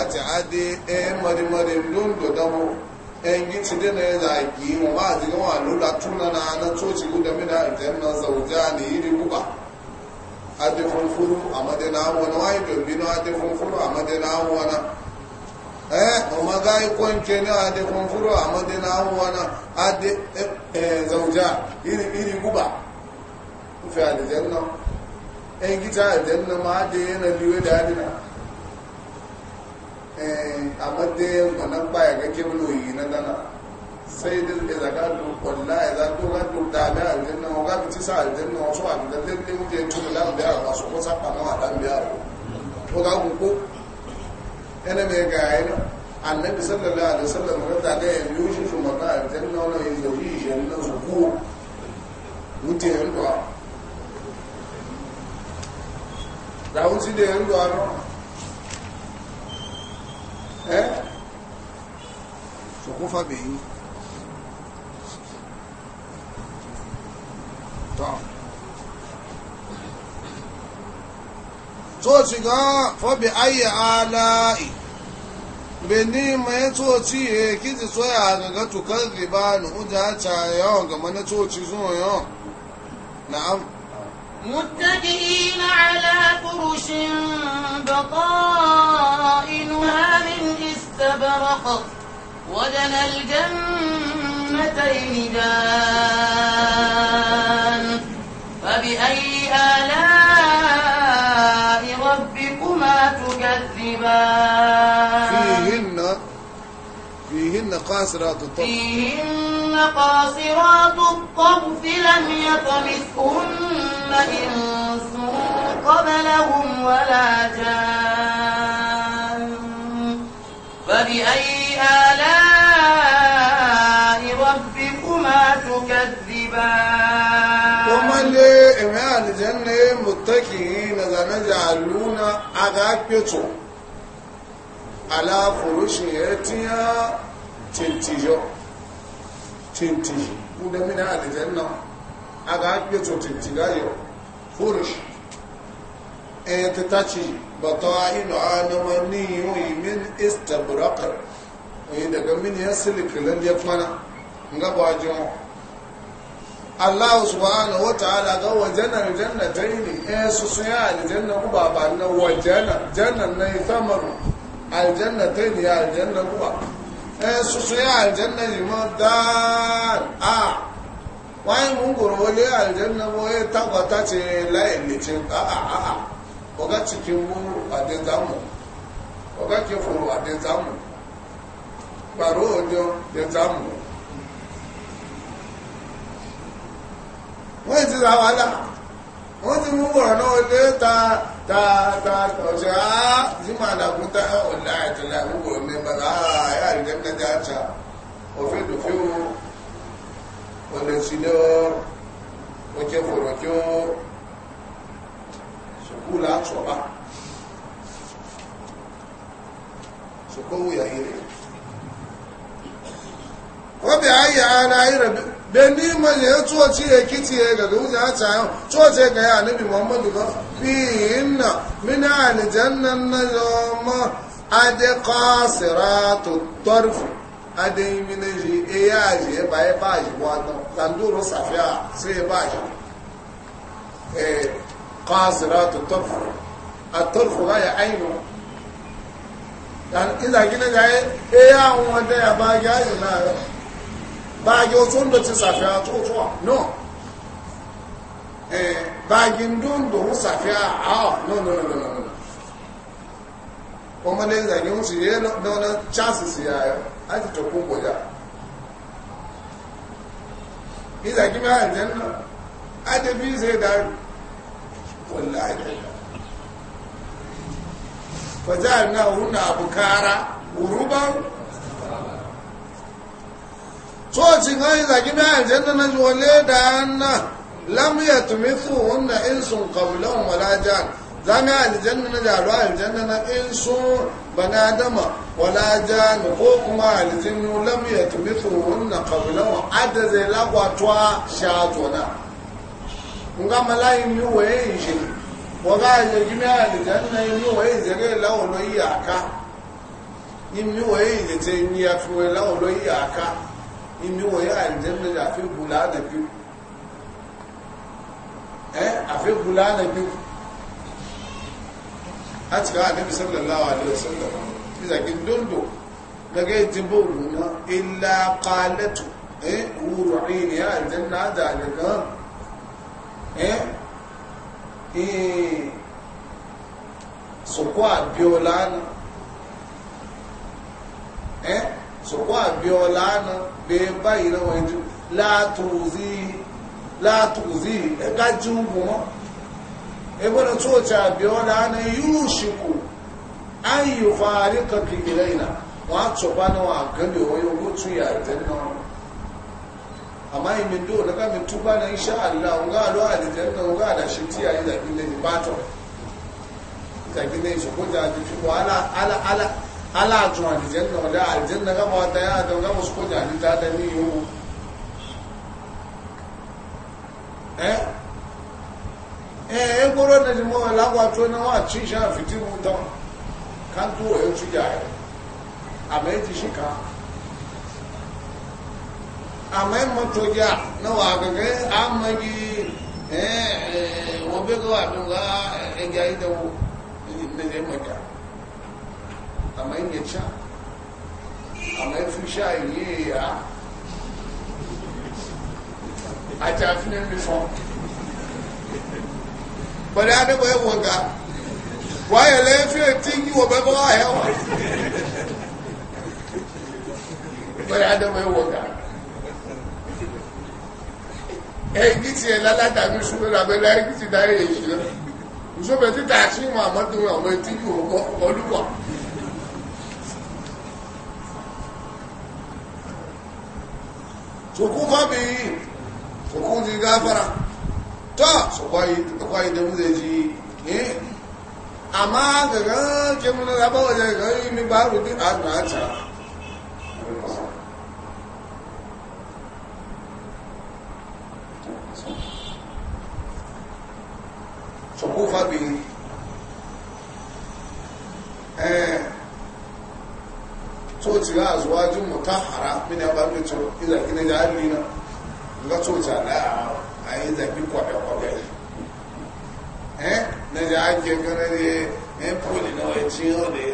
ati ade e mari mari ndun do dabo en gici de ne da gi mu ma ji ga wa lula tuna na na coci guda mi da idan na zauja ne iri buba ade funfuru amade na wona wai do bi no funfuru amade na wona eh o maga i kon ke ne ade funfuru amade na wona ade eh zauja iri iri buba fi aljanna en gici aljanna ma ade na liwe da adina Eh, amadde wannan baya ga kebulu yi na dana sai da ya zaga duk kwalla ya zaga duk gadu da abin aljanna wa gabi ci sa aljanna wasu abin da lalle mutu ya da a ko saba na dan biya ko ga kuku yana mai ga yayi na annabi sallallahu alaihi wasallam ga da ga yi shi shi maka aljanna na su ku mutu ya ndo da da ẹ́ sọkún fàbẹ̀ yìí tọ́ tó ti gan mai coci ti yẹ kí ga tó tukar riba na uja ta yawon gama na tó zuwa yawon na'am متكئين على فرش بطائنها من استبرق ودنا الجنتين دان فبأي آلاء ربكما تكذبان فيهن فيهن قاصرات الطرف فيهن قاصرات الطرف لم يطمثهن إنس قبلهم ولا جان فبأي آلاء ربكما تكذبان وما لي إمام الجنة متكئين زنجعلون أغاكتو على فروش يأتيها تنتجو تنتجي وده من الجنة أغاكتو تنتجايو فروش ẹyẹ eh, títà ṣe bàtọ́ ìlọ anamọ ní ìhun ìmín istabrakar òyìn eh, daga mini ya siliki lalle fana nga ba jin Allah subhanahu wa ta'ala ga wajana janna taini eh su su ya aljanna ku baba na wajana janna na thamaru aljanna taini ya aljanna ku ba eh su su yi aljanna ma dan a wai mun goro ya aljanna bo ya tabbata ce la ilaha a a a oga cikin wuru adin zamu oga ke furu adin zamu gbaro ojo adin zamu wọ́n ti ra wàhálà wọ́n ti mú wọ̀rọ̀ náà lé ta ta ta ọ̀sẹ̀ àá zima àdàkùn tá ọ̀là ìtìlẹ̀ àwùwọ̀ mi bàrà àyà ìdẹ́gbẹ́dẹ́ àṣà òfin dòfin o ọ̀lẹ̀ sílẹ̀ o ó jẹ́ kí ó kula tsoba su kowu ya hiri wabi ayi ana ira be ni man ya tsoci ya kiti ya ga duza ya tsayo tsoce ga ya nabi muhammadu ba fi inna min aljannan najama ade qasiratu tarf ade min ji e ji e ba ji wa tan duro safia sai ba ji eh qasiratu tarf at-tarf ga ya ainu dan iza gina ga e ya won da ya ba ga ya na ba ga so ndo ti safiya to to no eh ba gi ndo ndo safiya ah no no no no no kuma ne da ni musu ye no no chances ya a ti to ko ko ya iza gina ga ne no a de bi se da wallahi fa ja'alna hunna abukara uruban cocin an zagi na aljanna na wale da hanna lam yatmisu hunna insun qawlan wala jan zami aljanna na jaru aljanna na insun banadama wala jan ko kuma aljannu lam yatmisu hunna qawlan adda zai lagwatwa shatona nga malayi ni waye ishe waga ya gimi a aljanna yi ni waye zere lawon lo yi aka imi waye izete ni ya fi waye lawon lo yi aka imi waye aljanna da fi bula da biyu eh afi bula da biyu a cika annabi sallallahu alaihi wasallam iza kin dondo daga jibo runa illa qalatu eh wuru ya aljanna da aljanna eh sọ̀kọ́ àbíọ́lá ni eh sọ̀kọ́ àbíọ́lá ni bẹ́ẹ̀ báyìí náà wọ́n ju látòzí látòzí ẹ̀ka jíǹbù wọn ẹgbẹ́ni tó ti àbíọ́lá ni yóò ṣekù ayò fa àríkàkì ìrẹ́yìn náà wọ́n á tọ̀pá náà àgẹ́bẹ̀ wọ́n yóò amma yi min do daga min tuba na insha Allah unga alo alijanna unga da shi tiya yi zaki ne ni bato zaki ne shi ko ta ji fi ala ala ala ala tun alijanna da alijanna ga ma ta ya da ga musu ko ta ji ta da ni yo eh eh en eh, goro na jimo la wa to na wa chi sha fiti mu don kan to e chi ja e ameji shi ka àmọ́ ẹ̀mọ́ tó jà náà wà gẹ́gẹ́ àmọ́ yí wọ́n bẹ́ gọ́wà tó ń gá ẹgbẹ́ ayédẹ́wò nílẹ̀ mọ̀já àmọ́ ẹ̀yẹ ṣá àmọ́ ẹ̀fú ṣá ìyé ẹ̀yà àti àfihàn mi fọ́ pẹ̀lú adébọ̀ ẹ̀wọ̀ ga wáyé lẹ́fẹ̀ẹ́ tí yíwọ̀ bẹ́ gọ́wà ẹ̀wọ̀ pẹ̀lú adébọ̀ ẹ̀wọ̀ ga ẹgbí ti ẹ lálátàbí ṣúgbọ́n àbẹ́lá ẹgbí ti darí èyí lọ ìṣọ́bẹ̀ títà tí mọ̀ àmọ́dún àwọn etí kò ọlúkọ̀ sòkú kọ́bí sòkú ti gáfara tọ́ sọ̀kọ́ ìdẹ̀múdẹ̀ sí ní àmá gẹ̀gẹ́ jẹ́múnlẹ́ abáwọ̀jẹ̀ gẹ̀gẹ́ mi bá rú bí àgbà àtàrà sọ̀kó fábìnrin ẹ̀ẹ́ tó ti rá àzúwájú mọ̀táhàrá mí ní abájú tó ìzàkínà jáàrí náà nga tó ti àdáà àyè ìzàkí kwàbẹ̀kwàbẹ̀ ẹ̀ nàìjà ájẹ́ gánà ní ẹ́pọ̀lì náà ẹ̀tí ọ̀dẹ̀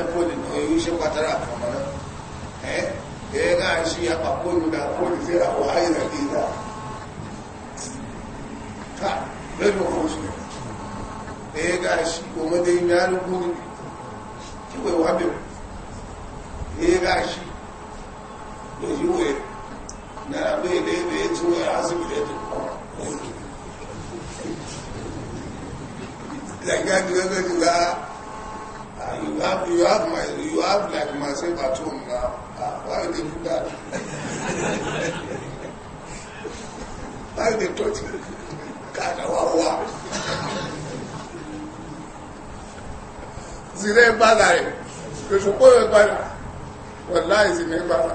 ẹ́pọ̀lì náà èyí ṣe pàtàrà àkàmọ́ náà ẹ̀ ẹ̀ náà ṣe àpapọ̀lù náà pọ̀lì fẹ́ àwọn àyè ìzàkí náà ká lẹ́nu ọkọ̀ òṣèlú da ya ga shi ko madayin ya rubu kiwai wabe da ya ga shi da yi wai na rabe da ya have, you have, my, you have like myself at home now. Ah, why they do that? they touch me? God, wow, wow. zìrẹ́ gbádà rẹ̀ òṣùpọ̀ rẹ̀ gbádà wọ̀n láì sí ní gbádà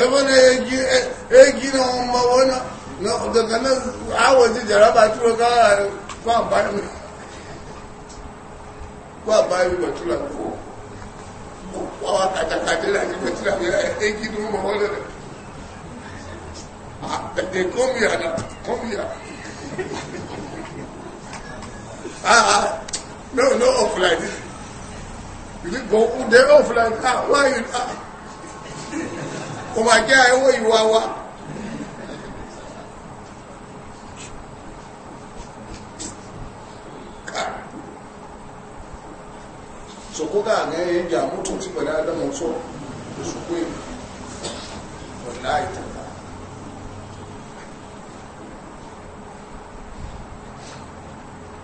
ẹgbọ́n egi na wọn mọ wọn na daga na awon ti jaraba turo kára rẹ̀ fún àbáyé mi fún àbáyé mi bàtúrà fún wọ́n wá kàtàkàtà láti bàtúrà mi egi ni wọ́n mọ wọn lọ́dọ̀ They come here now, come Ah, ah, ah, no, no off like this. You didn't go, oh, there off like, ah, why you, ah. Oh my God, where you are, eh, what? so ko ga ga yayin ya I don't know so. da su kuwa night.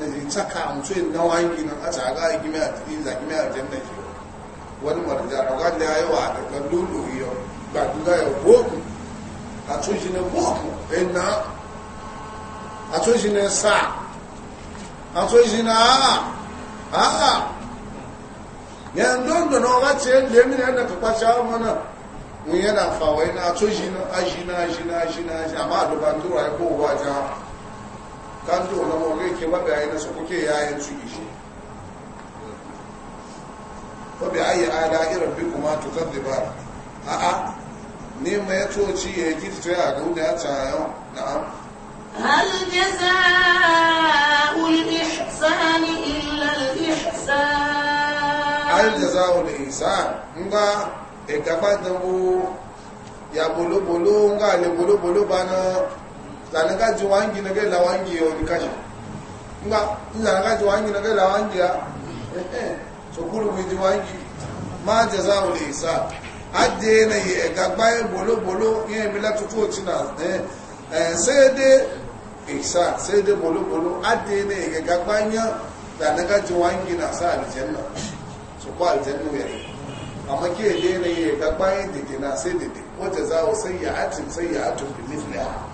da zai tsaka a mutu yin nawa yanki nan a caga a gimi a tiri za gimi a janna ke wani marja a wanda ya yi wa daga lulu yau ba duga ya boku a tun shi ne boku ɗin na a tun shi ne sa a tun shi na a ya yi don da nawa ce lemin yadda ka kwace wa mana mun yana fawai na a tun shi na a shi na a shi na a shi na a shi amma a dubantura ya yi kowa jawa kanto na mawai ke wabi a yana su kuke yayan su ishe ko a yi ala irin bi kuma tukar da ba a a ne ma ya toci ya yi gidi tuya ga wanda ya na na'am hal jaza'ul ihsani illa al-ihsan hal jaza'ul ihsan in ba e gaba da ya bolo bolo nga le bolo bolo bana zane ka ji wangi na gaila lawangi ya wani kashi nga zane ka ji wangi na gaila wangi ya eh, eh, so kuru mu ji wangi ma jaza ul sa, adde na ye gagba ye bolo bolo ye mi la tutu o tina eh, eh sai de isa sai de bolo bolo adde na ye gagba nya zane ka ji wangi na sa aljanna so ko aljanna ya amma ke de na ye gagba ye dede na sai dede ko jaza ul sayyi'atin sayyi'atun bi mithliha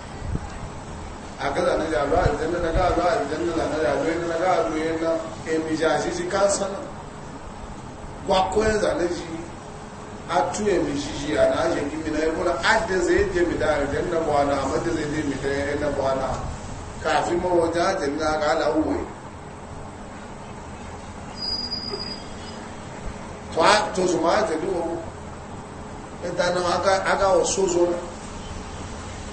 aka zane da ba a zanna na ga ba a zanna zane da doyi na ga doyi na emi ja shi shi kan sana wa ko ya zane shi a tu emi shi shi a na shi kimi na ya kuna adda zai je mi da aljanna ba na amma da zai je mi da ya na ba na kafin ma wajen aljanna ga ala uwe to su ma aljanna wa ita nan aka wasu zo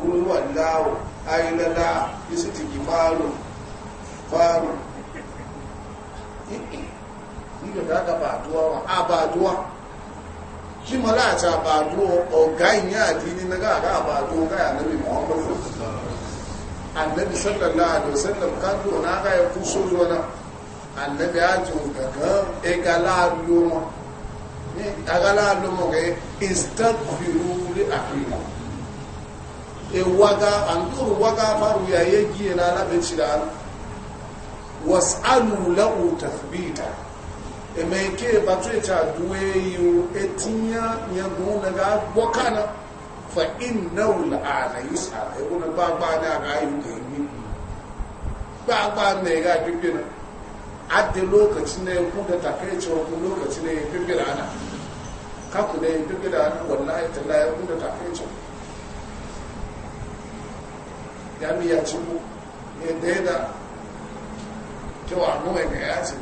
kúrú aláwọ̀ ayélujá yíṣẹ́ ti kì fáàrù fáàrù nígbà tá a ga bàdúwà wọn àbàdúwà kí mọ́lá àti àbàdúwà ọ̀gá ìyá àti ní nàgàgà àbàdúwà gáyà lórí mọ́ọ́mọ́fún annabi sallallahu alaihi wasallam kan do na ga yaku sojo na annabi ya ji gaga e gala lo mo ni agala lo mo ge istaghfiru ewaga anduru waga faru ya yegi na labin shidan was'alu lahu tathbita e mai ke batu ta duwe yu etinya ya gona ga bokana fa innahu al'ana yusha e gona ba ba da ga yu ke ni ba ba ne ga dukkan adde lokacin ne ku da takaice ku lokacin ne dukkan ana ka ku ne dukkan ana wallahi tallahi ku da takaice gami ya cibu ya daida cewa goma ga ya ce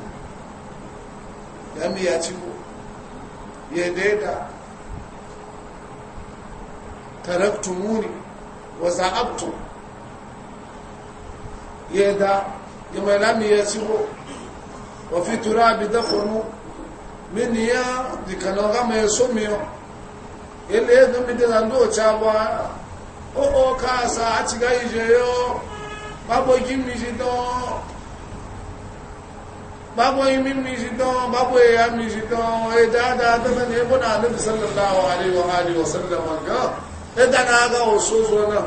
gami ya cibu ya daida taraktumuni wa za'abtum ya da ya mai lami ya cibu wa fi turabi da min ya dikanaga mai sumiyo ilé ẹ̀dùn bí dẹ́dà lóòcá wá o kasa ati ga ijeyo babo gimi jidon babo imi mi jidon babo eya mi jidon e dada dada ne bo na nabi sallallahu alaihi wa alihi wa sallam ga e dada ga o so so na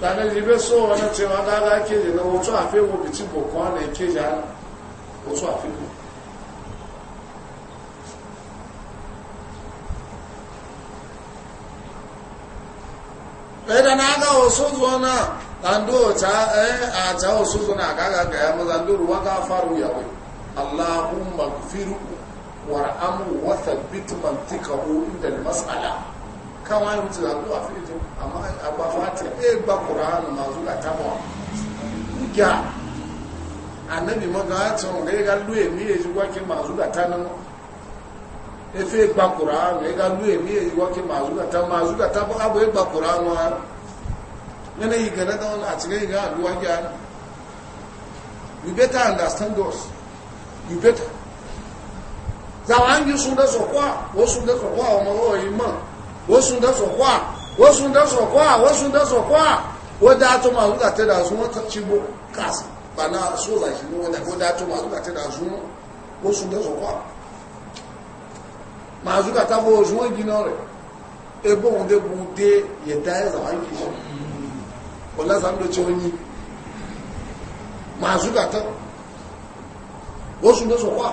dada ji be so na che wa dada ke ne na o so afi wo bi ti bo kon na ke ja o so afi ko ɗaya na ga wasu zuwa ando a ta wasu suna kaga ga ya maza nduru wa faru ya wai Allahumma gfiru warhamhu wa thabbit tika inda al-mas'ala kama yin ta ko a fiti amma a ba fatiha eh ba qur'an ma zuwa ta ba ya annabi maga ta ga ga duye mi ya ji gwakin ma zuwa ta nan efe gba kuranu ega lu emi eyi wake mazugata mazugata bo abo egba kuranu ha nene yi gana da wani ati ga aluwa gyara you better understand us you better zawangi sun da sokwa wo sun da sokwa o ma wo yi man wo sun da sokwa wo sun da sokwa wo sun da sokwa wo da to mazugata da sun wata cibo kasa bana so la shi wo da to mazugata da sun wo sun da sokwa máa zúkà tábọ̀ oṣù wọ́n jiná rẹ̀ ebó òun dé bùn dé yẹ̀dá ẹ̀zà wáyé kìí ṣe ọ̀lásàmìlò tí ó yí máa zúkà tán oṣù lọ́sọ̀ wà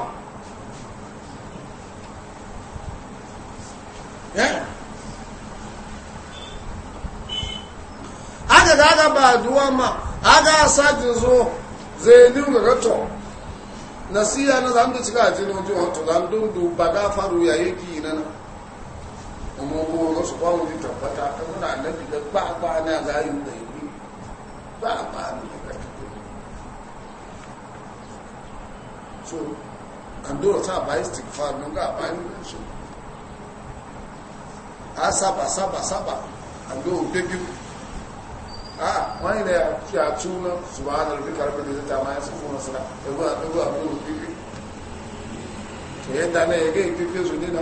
aka ga aga ba aduwa ma aga asajin zo zai nuna rato nasiya na zan da cika ji na ji wato zan dun du ba ga faru ya yake na na amma ko ga su ba mu tabbata kan na annabi da ba ba na ga yi da yi ba ba ni ka so kan dora ta ba istighfar nan ga ba ni shi asaba asaba asaba an do bebi a wani da ya tuna su ba da rubika rufe da zata ma ya sufu na suna ɗago a ɗago a ɗago fifi to yadda na ya gai fifi su nina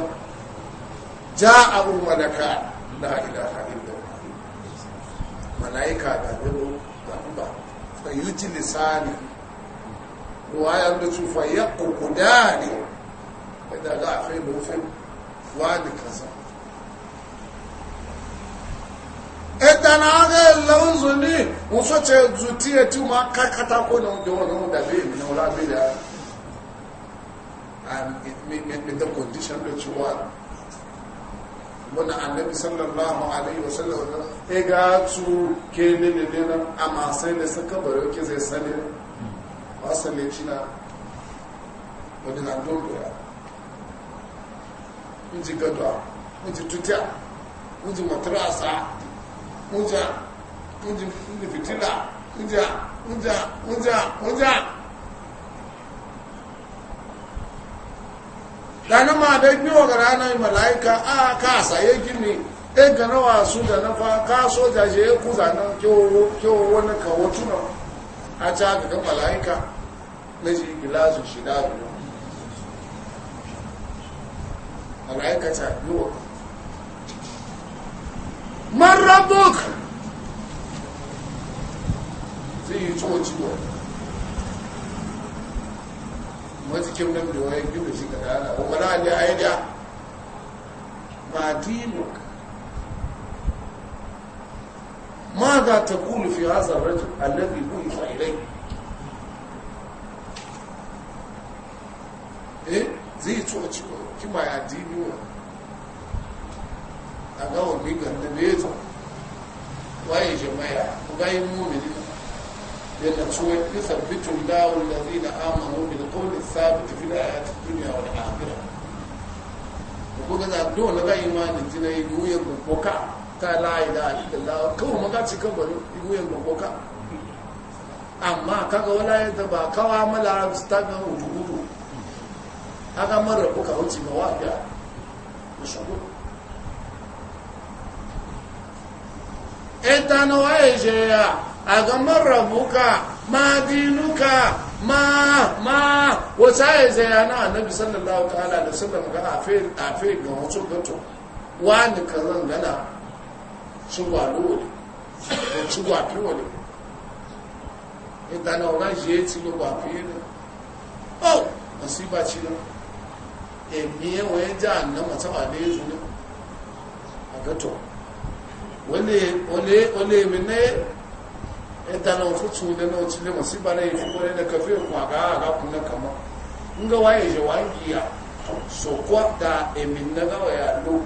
ja a umaraka na ila halin da malaika da gudu da ba da yuji lisani ruwayar da tufa ya ƙuƙuda ẹ̀dàna ara ẹ̀lọ́run zò ní wọ́n sọ́tẹ̀ zù tí ẹ̀ tí ó máa ká kátàkó náà jẹ́ wọ́n lọ́wọ́ dàbí èmi náà lábẹ́lẹ̀ àmìtẹ́ condition ló ti wà wọ́n na annabi tu ke ne ne ne na a masu ne sun kabar yau ke zai sani wasu ne cina mújà mújì fìtílà mújà mújà mújà mújà dana ma da biyo wa ranar mala'ika a ka saye gini e nawa su da na fa ka soja je ya kuza na wannan wani wato na a ta ga mala'ika ne ji gilazu da biyu mala'ika ta biyo wa man rabbuk zai yi ciwo ciwo wata kim nan da wayan gina shi kada ana mana ne a yi ma dinuk ma ta kulu fi hasar rajin annabi bu isa ilai eh zai yi ciwo ciwo kima ya dini wa a ga wani ganna beto waye jama'a ga yi mumini yadda tuwa ya bitun lawon da zai na da bil kawai sabit fi da ya ta duniya wani ahira da kuma za do na ga imanin jina yi guyen gbogboka ta layi da alidallah kawo maka ci kan yi guyen gbogboka amma kaga wala yadda ba kawa malara su ta ga wujudu aka mara buka wuce ga wafiya da shagudu etana waje ya a gamar rabuka ma dinuka ma ma wata ya zaya na annabi sallallahu ta'ala da sallam ga afe afe ga wato gato wani kazan gana shugwa lori ko shugwa piwole etana waje ti lo wa ne oh masiba ci na emi ewe ja annama ta wa lezu ne a gato wale mine yadda na ofutu da na otu lima si ba na yi fukwa da kafe kuma ga aga kuna kama nga waye je wangiya so kwa da emin na gawa ya lo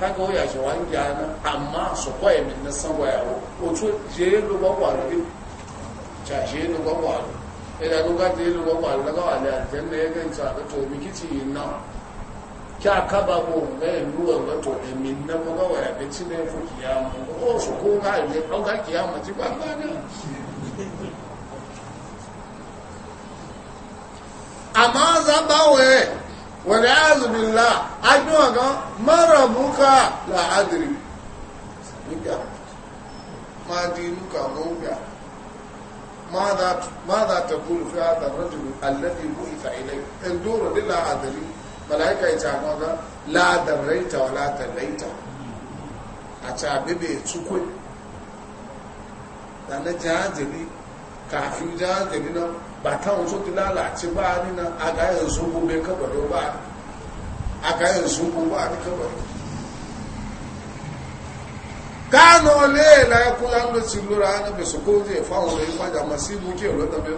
kaga waya je wangiya na amma so kwa emin na san waya o otu je lo ba kwa rabi cha je lo ba kwa rabi ila lo ga de lo ba kwa rabi na gawa da janna ya ganta da to kya kaba ko ga ruwa wato da min na maga wa da ci ne fu kiyama ko su ko ga ne don ga kiyama ci ba ba ne amma za ba we wa na'az billah addu'a ga marabuka la adri nika ma dinuka gauka ماذا ماذا تقول في هذا الرجل الذي بعث اليه؟ ان دور لله عذري malaika ya cano ga la darraita wa la tarraita a cabe bai tukwe da na jajiri kafin jajiri na ba ta wasu ti lalace ba ni na a kayan sun gobe kabaro ba a kayan sun gobe a ni kabaro kánà lè láyé lura ló ti lóra níbi sòkó jẹ fáwọn ìpàjà mọ̀ sí ìlú kí èrò tàbí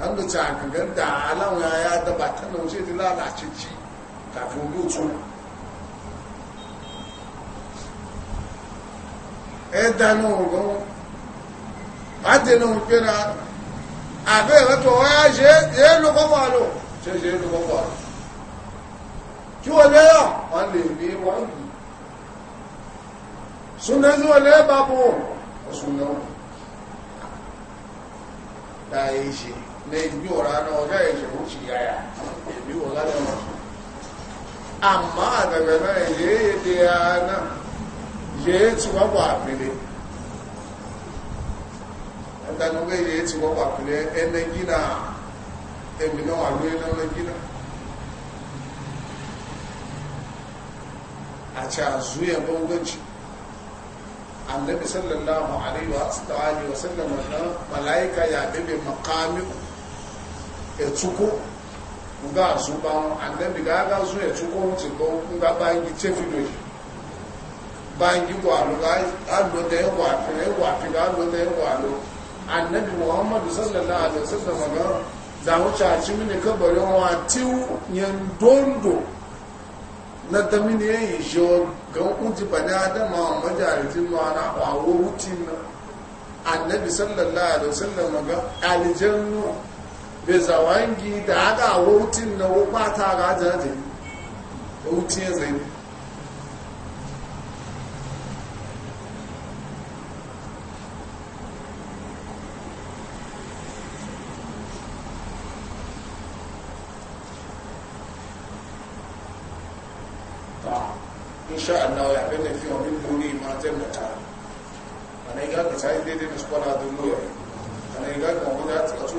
an da ci hankagar da da ba ta na wuce da lalace ci kafin lutu e da na ogun ba da na wuce na abe rato ṣe ya lo kọfọ ṣe ṣe lo kọfọ kí wọ́n lẹ́yọ̀ wọ́n lè rí wọ́n yìí súnlẹ̀ ní wọ́n lẹ́yọ̀ bá bọ̀ ọ̀sùn náà láyé ṣe na ibi wara na ọjọ́ ẹ̀ṣẹ̀ wuce yaya ibi wara na wasu amma daga nan yeye da ya nan yeye ti wọ́pọ̀ àpẹẹrẹ ẹ̀dánúgbé yeye ti wọ́pọ̀ àpẹẹrẹ ẹnẹ gínà ẹ̀mí náà wà lórí náà gínà àti àzú ẹ̀bọ̀ wẹ́jì annabi sallallahu alaihi wa sallam wannan malaika ya bebe makamiku etsuku nga azuba annabi ga ga zu etsuku wuce ko nga bangi tefi doji bangi ko alu ga alu da yawa fi da yawa fi ga alu da yawa muhammadu sallallahu alaihi wasallam ga da wuce a ci mini kabarin wa tiw yan dondo na damini yayi jo ga kunji bani adama majalitin ma na kwawo wutin annabi sallallahu alaihi wasallam ga aljannu bai zawangi da aga wautin na wukwa ta gaja da wautin ya zai insha Allah ya bane fi wa min duni ma jannata ana ga ka sai dai da su kwana duniya ana ga ka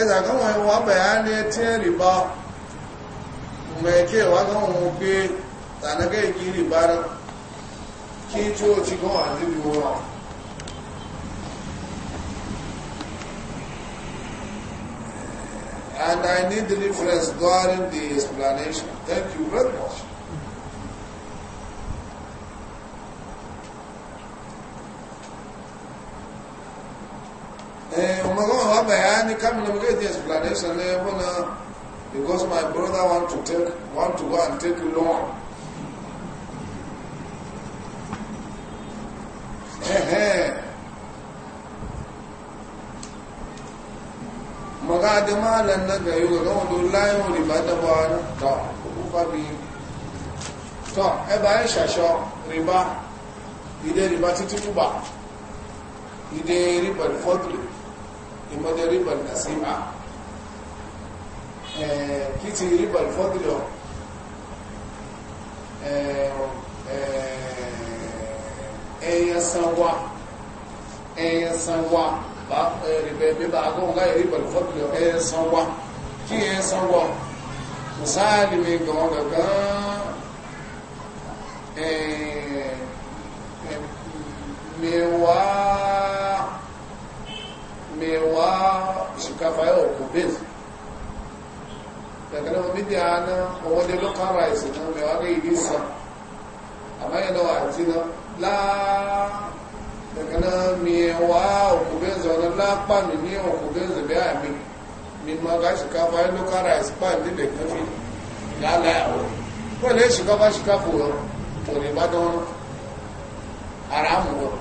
ya zaga wani wa bayani ya ce riba mai kewa ga wani pe tsanaga yi riba na ki ciwo ci gan wani biyowa and I need the reference during the explanation. Thank you very much. time na get the explanation na ebo na because my brother want to take want to go and take loan eh maga da malan na ga yuga ga wando layo ni ba da ba na to ku fa bi to e ba e shasho riba ide riba titi ku ba ide riba fadli kọ́jẹ́ ríbal kasima kí ti ríbal fọ́dílọ̀ ẹ̀yẹn sanwa ẹ̀yẹn sanwa bíbá agọ́n gáyẹ̀ ríbal fọ́dílọ̀ ẹ̀yẹn sanwa kí ẹ̀yẹn sanwa misali mai gama gagan mewa shinkafa yau ko bezi daga nan bidi ana ko wani lokan rice na mai wani igisa amma yana wa aji na la daga nan mi wa ko bezi wani la pa mi ni wa ko bezi bi a mi mi ma ga shinkafa yau lokan rice pa ndi da kafi la la ya wani ko ne shinkafa shinkafa wani to ne ba da wani haramu wani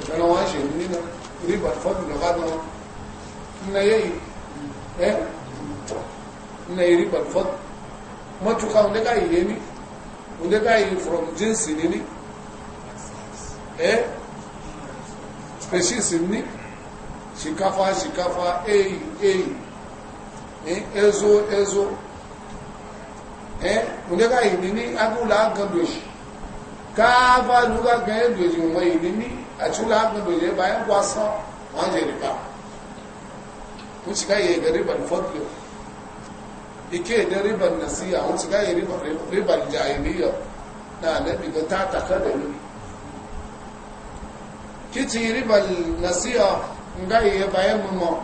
daga nan wani shi nina ribar fadin da ba da wani na yayi eh na yiri ba fot matuka unde ka yi ni unde ka yi from jinsi ni ni eh species ni shikafa shikafa eyi eyi eh ezo ezo eh unde ka yi ni ni agula gandoshi ka ba luga gandoshi mo yi ni ni atula gandoshi ba yan kwasa wanje riba wuce kayi ga ribar fadlo ike da ribar nasiya wuce kayi ribar jahiliya na nabi ga ta taka da ni kici ribar nasiya ngayi ya bayan mimma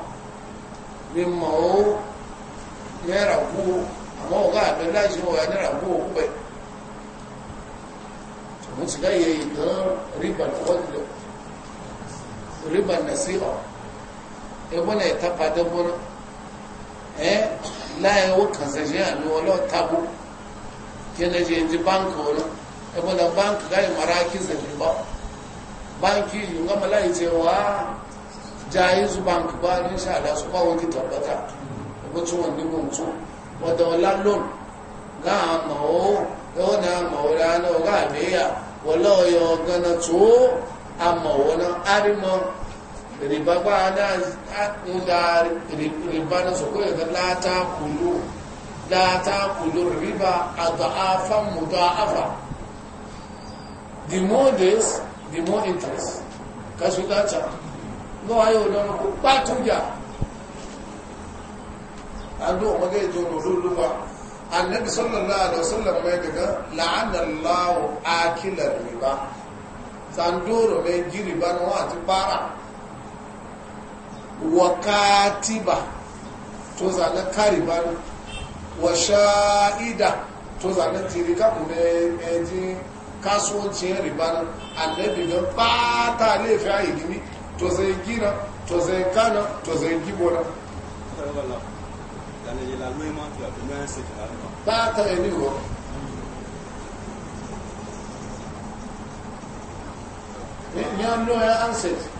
mimma o ya rabu amma o ga abin lashi o ya ni rabu o kubai wuce kayi ga ribar fadlo ribar nasiya ebona etapa debona eh laye wo kansaje ani wala tabu kene je ndi bank wala ebona bank ga maraki zaje ba banki nga malai je wa jaizu bank ba ni sha da su ba wani tabbata ko tun wani mun tun wada wala loan e ga ma o o na ma o la no ga be ya wala yo gana to amma wala arimo riba ba na da riba na su kawai ga lata kulu ta kulu riba a da'afan mu da'afa the more days the more interest ka su dace no ayo don ku patu ja an do magai to lulu ba annabi sallallahu alaihi wasallam mai daga la'anna allah akila riba sandoro mai jiriba no ati para wakatiba katiba to zane kariban wa to zane tirika kuma eji kasuwancin riban annabi ga ba ta laifi a ilimi to zai gina to zai kana to zai gibona ba ta yi niwo ya nuna ya anseti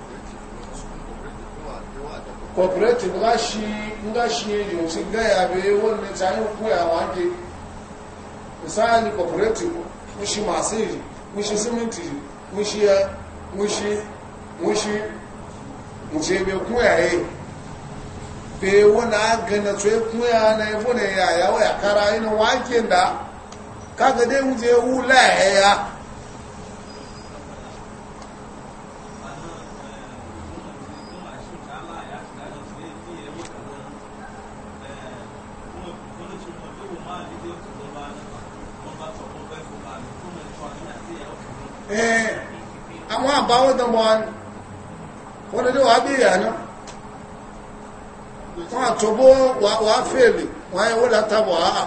cooperative nga shi nga shi ga ya be won ku ya wanke misali cooperative mun shi masiri mun shi siminti mun shi mun shi ya yi be won aga na tsaye ku ya na ibo ne ya ya wa ya kara ina wanke da kaga dai je wu la ya àwọn àbáwọ́ dánbọ̀ wọ́n dédé wà bí ìyàná wọ́n àtòbó wà fèèlè wọ́n yẹ wọ́n látàbọ̀ àà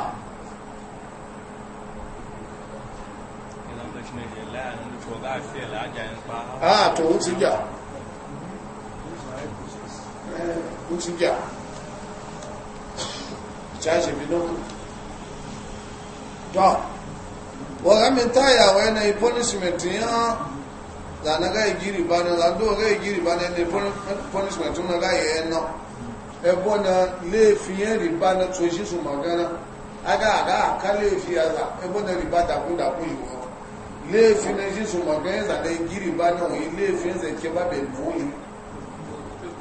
àà tó ó ti jà ó ti jà ìjáṣẹ́ mi lókùn dọ́ọ̀ waga mintaya wena punishment ya da na ga igiri bana da do ga bana ne punishment na ga yeno e bona le fiye riba na to shi su magana aga aga kale fi aza e bona riba da ku da ku le fi na shi su magana za da igiri bana o le fi ze ke ba be bu yi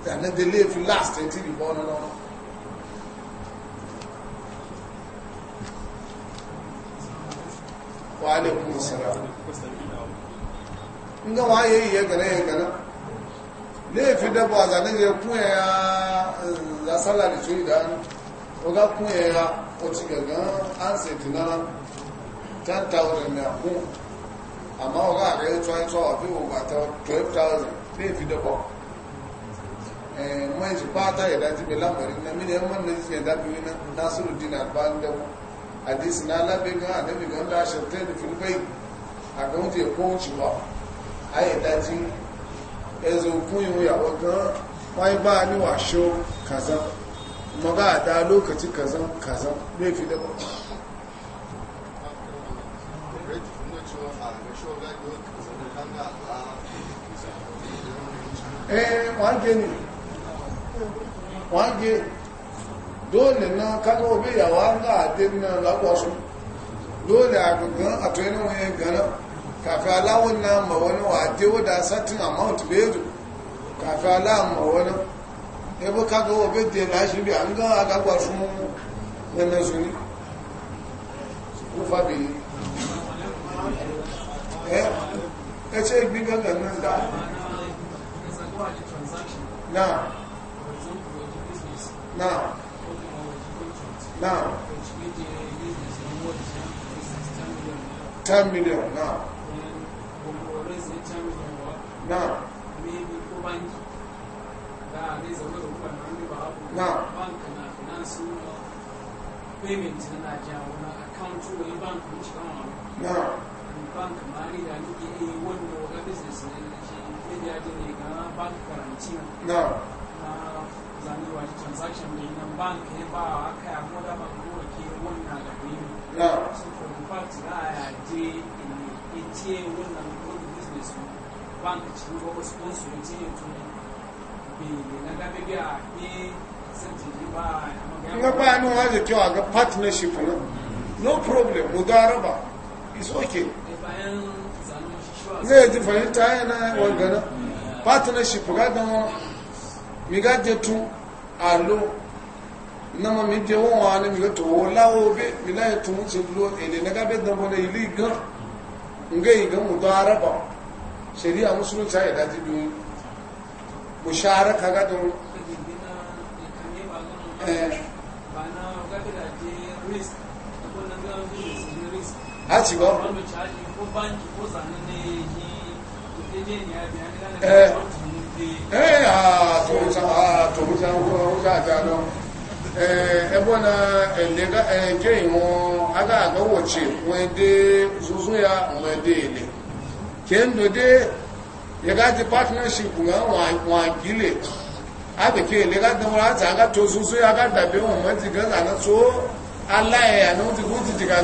da na le fi last ti riba na no wa alaikum assalam nga wa yayi ya gane ya gane ne fi da ba za ya la sala ni tuni da o ga ku ya o ti gaga an se tinara ten thousand na ku amma o ga ga to to o fi o ba to twelve thousand ne fi ya da e, na hadisi na labe ga annabi ga da shirte da filbai a ga wuce ko wucewa ai daji ezo kunyu ya waga wai ba ni washo kaza kuma ba da lokaci kaza kaza ne fi da ba eh wage ne wage dole na kaga obi yawa nga adin na lagwasu dole a gangan a tuwani wani gana kafi alawun na ma wani wa dewa da satin amount bedu kafi alawun ma wani ebe kaga obi da na shi bi an ga agagwasu mu na na su ni su kufa bi eh ya ce ibi gangan nan da na na now 10 million now now now payment na now now bank ci ba ko kunsu ya ce na gabe bi a ne santi ba nga ba no ha je kyo ga partnership no no problem mudaraba is okay ne ji fahimta yana wangana partnership ga dan mi ga je tun alo nama mi je wọn wa ni mi ga to wo lawo be mi la ye tun ti lo ele na ga be dan bo na ili gan nge yi gan mu to araba sharia musulun ta da ti bi musharaka eh. ga don eh láti gbọ́. ẹ eh a to ta a to ta ko ta ta no ebona elega aga aga wochi wede zuzu ya wede ile kendo de yaga ti partnership nga wa gile ke elega de mo aga to zuzu ya aga dabe won mo ti gan ana ala ya ti ku dị ga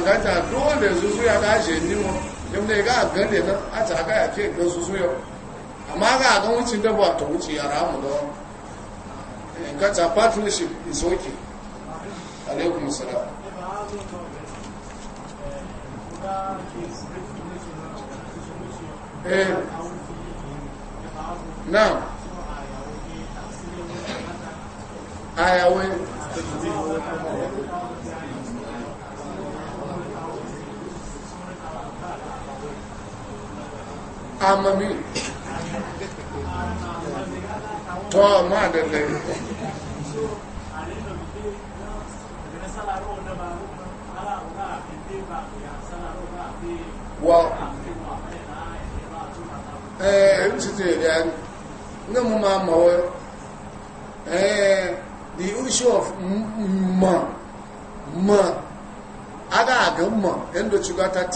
zuzu ya ga je ni mo ya ga gan na ata aga ke zuzu amma ga ga wucin da ba ta wuce ya ramu da wani eh, partnership is okay alaikum salam eh a ma da ne wa eh, ma ma wa eh, the issue of ma ma aga aga ma endo chugata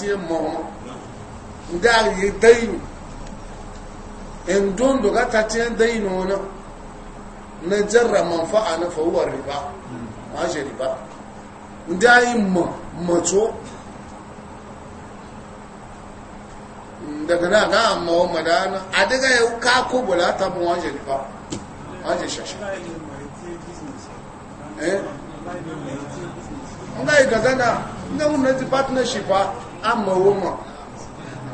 in dondo hmm. ga ta ce daino na na jarra manfa'a na fawar riba eh? ma shi riba da yi mato daga na ga amma wa madana a daga ya ka ko bula ta bin waje riba waje shashi eh nga yi gazana nga mun na partnership a amma wa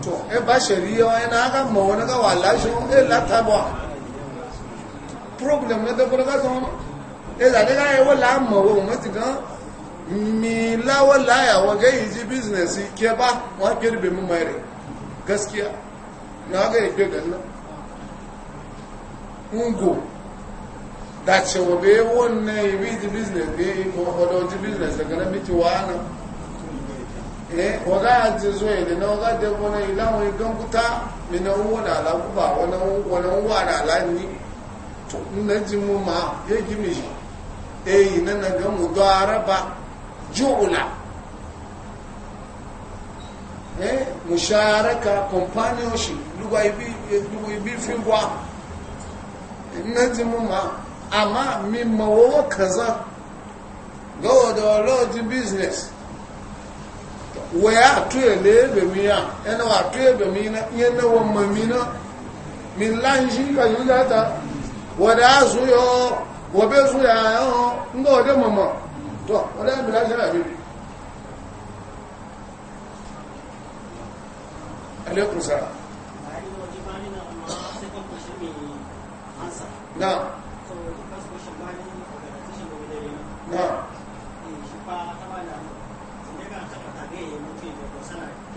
to e ba shari'a wani e na aka ma wani ga wala shi e la ba problem na dabbara ga zama e za daga yi e wala ma wa umarci gan mi lawa laya wa ga yi business ke ba wa girbe mu mai gaskiya na ga yi e ke ganna ungo da ce wa bai yi bi business ne yi ma wadon ji business daga na miti wa eh waga yanzu zo ne na waga da wani ila wani ganguta mai na uwa da ala guba wani uwa da ala ni to na ji mu e ma ya gimi shi eh na na ga mu dara ba ju'ula eh musharaka companionship lugwa ibi lugwa e, ibi fingwa na ji mu ma amma mi wo kaza ga wadda business waya atuye lebe miya ena wa atuye be mina yena wa mamina min lanji ka yuda ta wada su yo wa be su ya yo ngo wada mama to wada bi la jara bi alaikum salam na na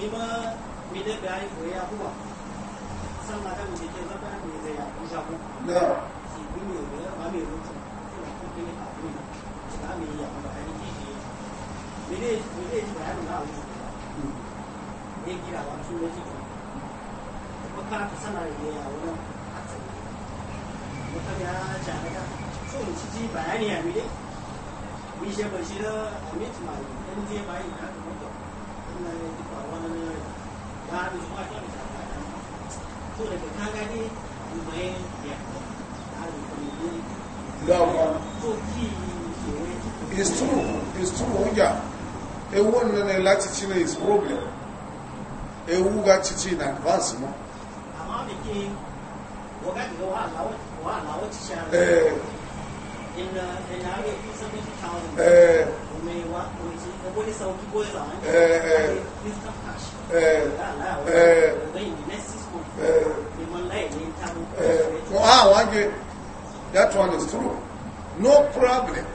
bima mi da bai ko ya huwa san ma da mu ke zaba ne zai ya ku shafu da shi bi ne da ba mai rutu ko ko ne a ku da mai ya ba ai ji ji mi ne mi ne ba ya na ku ne kira wa su ne ji ko ka ta sana ne ya wannan a tsaye mutum ya ja da so mu ci ji bayani ya mi ne mi she ba shi da amit mai dan je bai na yake faruwa true true cina is problem ewu ga cici na advance ma amma da eh eh That one is true. No problem.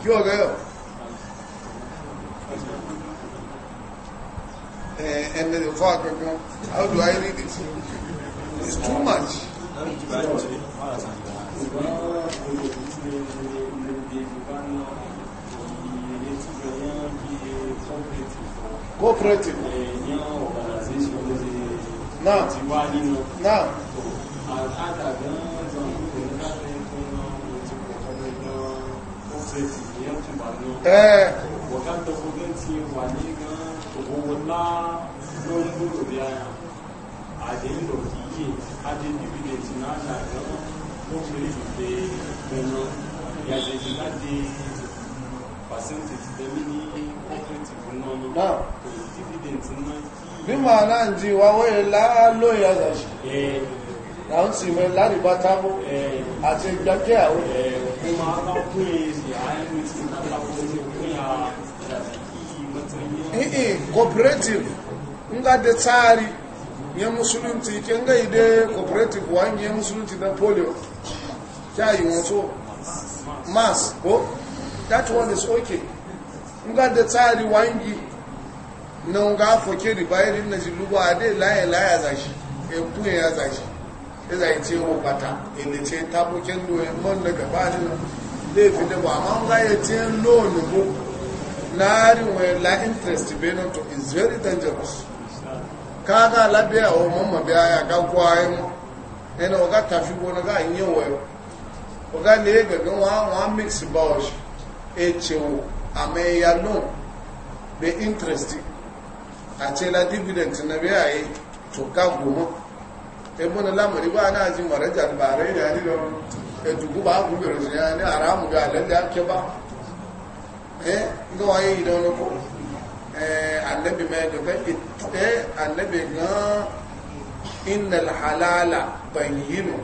Kí ọ̀rẹ́ eh, eh. eh, How do I read it? It's too much. Cooperative. Now, now. É. Uh, eh. at the end of the year adding dividends in our account hopefully we dey gbẹ̀nà ìyàjẹ̀ ìdíláde tẹ́lẹ̀ ní cooperative náà ní kò dividend náà kí. bí màá náà ń di ìwáwó ìlà lóye àgàṣì náà ń sì mọ lárìbá àti gbàgbé àwọn. mo máa bá pín èrè àánú tí mo bá pín pín a ìdàgbàsókè mọ́tò yẹn. cooperative ń gàdé táàrí. ya musulunci ken ga ide cooperative wani ya musulunci na polio ta yi wato mass ko that one is okay nga da tsari wangi na nga foke da bayarin na jilubu a dai laye laye za shi e kuye ya za shi e za ce wo bata inda e ce tabo ken do en mon daga da dai fi da ba amma nga ya ce loan bo na harin wa la interest to is very dangerous kaga labiya o mamma biya ya ga kwayin ina waga tafi gona ga yin yawayo waga ne ga ga wa wa mix bawsh e ame ya no be interest a la dividend na biya yi e to ka goma e mun la ba na ji maraja bare da ni don e dugu ba ku bi rajani aramu ga lalle ba eh waye ko Eh, annabi mai duka ita eh, annabi gan innal halala bayyinu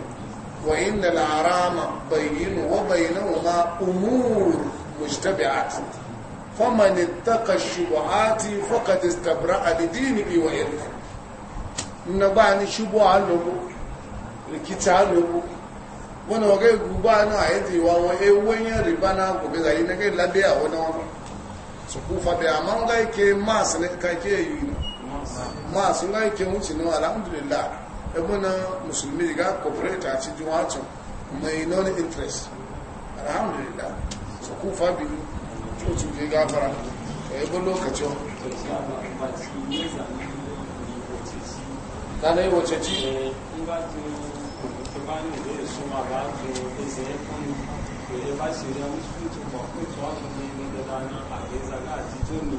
wa innal harama bayyinu wa bainahuma umur mujtabi'at faman ittaqa shubuhati faqad istabra'a li dinihi wa irdi na ba ni a lobo rikita lobo wannan wa kai guba na ayati wa wa e riba na gobe zai yi na kai labe a wani wannan su kufa bai amma ga yake masu na kake yi masu ga yake wuce na alhamdulillah ebuna musulmi ga corporate a cikin wacin mai non interest alhamdulillah su kufa biyu cucu ne gafara ka yi bin lokacin tana yi wace ci Ìgbàtí na hadiza na jijoni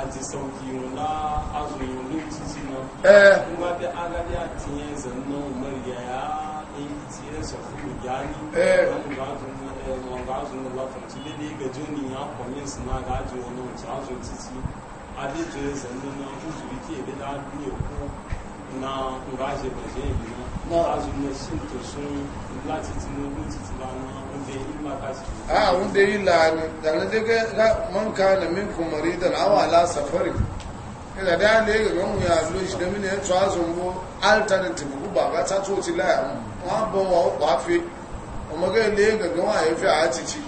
àti sauki na azuyin lokaci na kuma da agadi a tiye zannan umarya ya ɗin tiye sofi gani wani ga azuyin na lafarci da ne ga joni ya kwamin suna ga ajiye wani wuce azuyin titi adejoye zannan na uzuri ke bi na biyu ko na ngaje baje bi na azuyin na shin to sun láti tinubu titi lánàá a wanda yi lani da na daga man ka na min kumari da awala safari ina da ne ga gan ya zo shi da mini ya tsawa zumbo alternative ku ba ga ta to ti la mu wa bo wa wa fi o ma ga le ga wa ya fi a ci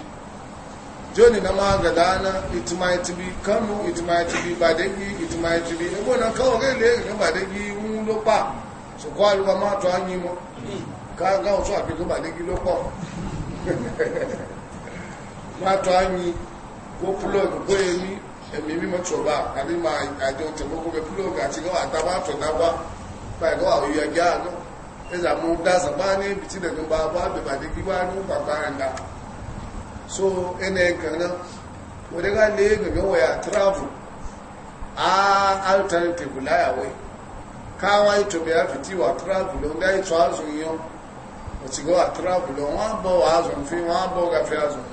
joni na ma ga dana it might be kanu it might be badegi it might be e bona ka o ga le ga badegi un lo pa so kwa lu ma to anyi mo ka ga o so abi ga badegi lo pa mátọ́ ányi kó púlọ̀gù kó èmi èmi mímọ̀ tọ̀bá àti ma àjọ tẹ̀mọ́kó bẹ púlọ̀gù àti gọ́wà tábà tọ̀dábà báyìí gọ́wà òyìn ẹgbẹ́ àná ẹ̀sà mú dáṣà bá ní ibi tí nẹ̀nu bá bá bèbàdé gbígbá ní pàpà ẹ̀dá so ẹnẹ kan náà wọ́n dẹ́gá lé gbẹ̀gbẹ̀ wọ̀ yà tíráàfù á alternative láyàwó káwá ìtòbí àfìtí wà tíráàfù lọ́gbà ìtọ́ àzùn yẹn òtìgọ́ àtúrábùlọ wọ́n bọ́ azùn fi wọ́n bọ́ gafi azùn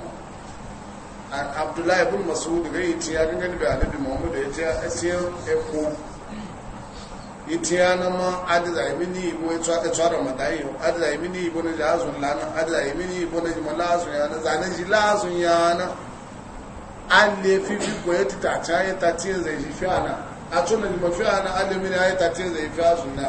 abdullahi ibn masud gai tiya gangan da alibi muhammad ya tiya asiyan epo itiya na ma adida imi ni ibo ya tsaka tsara madayi adida imi ni ibo na ji azun lana adida imi ni ibo na ji ma lazun ya na zanen ji lazun ya na an le fifi ko ya tita ta ya ta tiya zai ji fiya na a tunan ji mafiya na an le mini ya ta tiya zai fiya sun na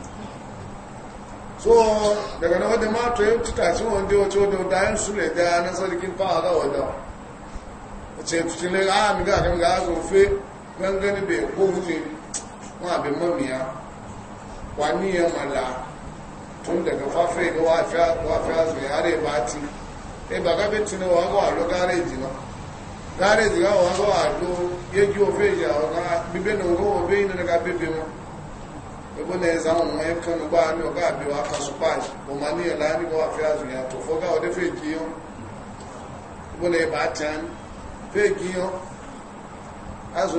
so daga na wadda yin sun wanda da yin su ne da na sarkin ne a ga ah, bai ko huje ma mamiya ya mala tun daga fafe ga wafiya ya re bati e ba ga bitu ne ga wa lo gareji na gareji ga ga wa lo yeji ofe ya ga bibe ebo na eza ahụ mmanya kano gba anyị ọga abịwa aka sụpaji bụ ma n'ihe la anyị gwa afịa azụ ya tụfọ ga ọdị feki ihe ebo na ebe acha anyị feki ihe azụ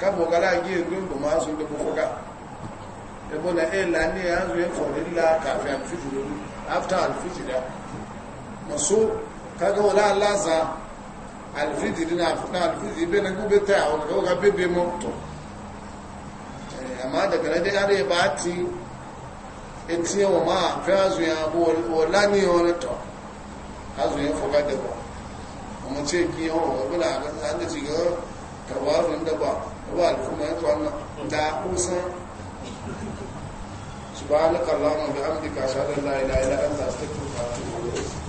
ka bụ gara gị ego ma azụ ndị bụ fọga ebo na ela ndị ya azụ efọ nila ka afịa fitiri afta alfitiri maso kaga na alfitiri bena gube ta ahụ ga bebe mọ amma daga na dai are ba ti eti wa ma fi azu ya bo wala ni wani to azu ya fuka da ba amma ce ki yawo wa bula ga an da ci ga karwarin da ba ba al'umma ya tsanna da kusa subhanakallahumma bihamdika ashhadu an la ilaha illa anta astaghfiruka wa atubu ilayk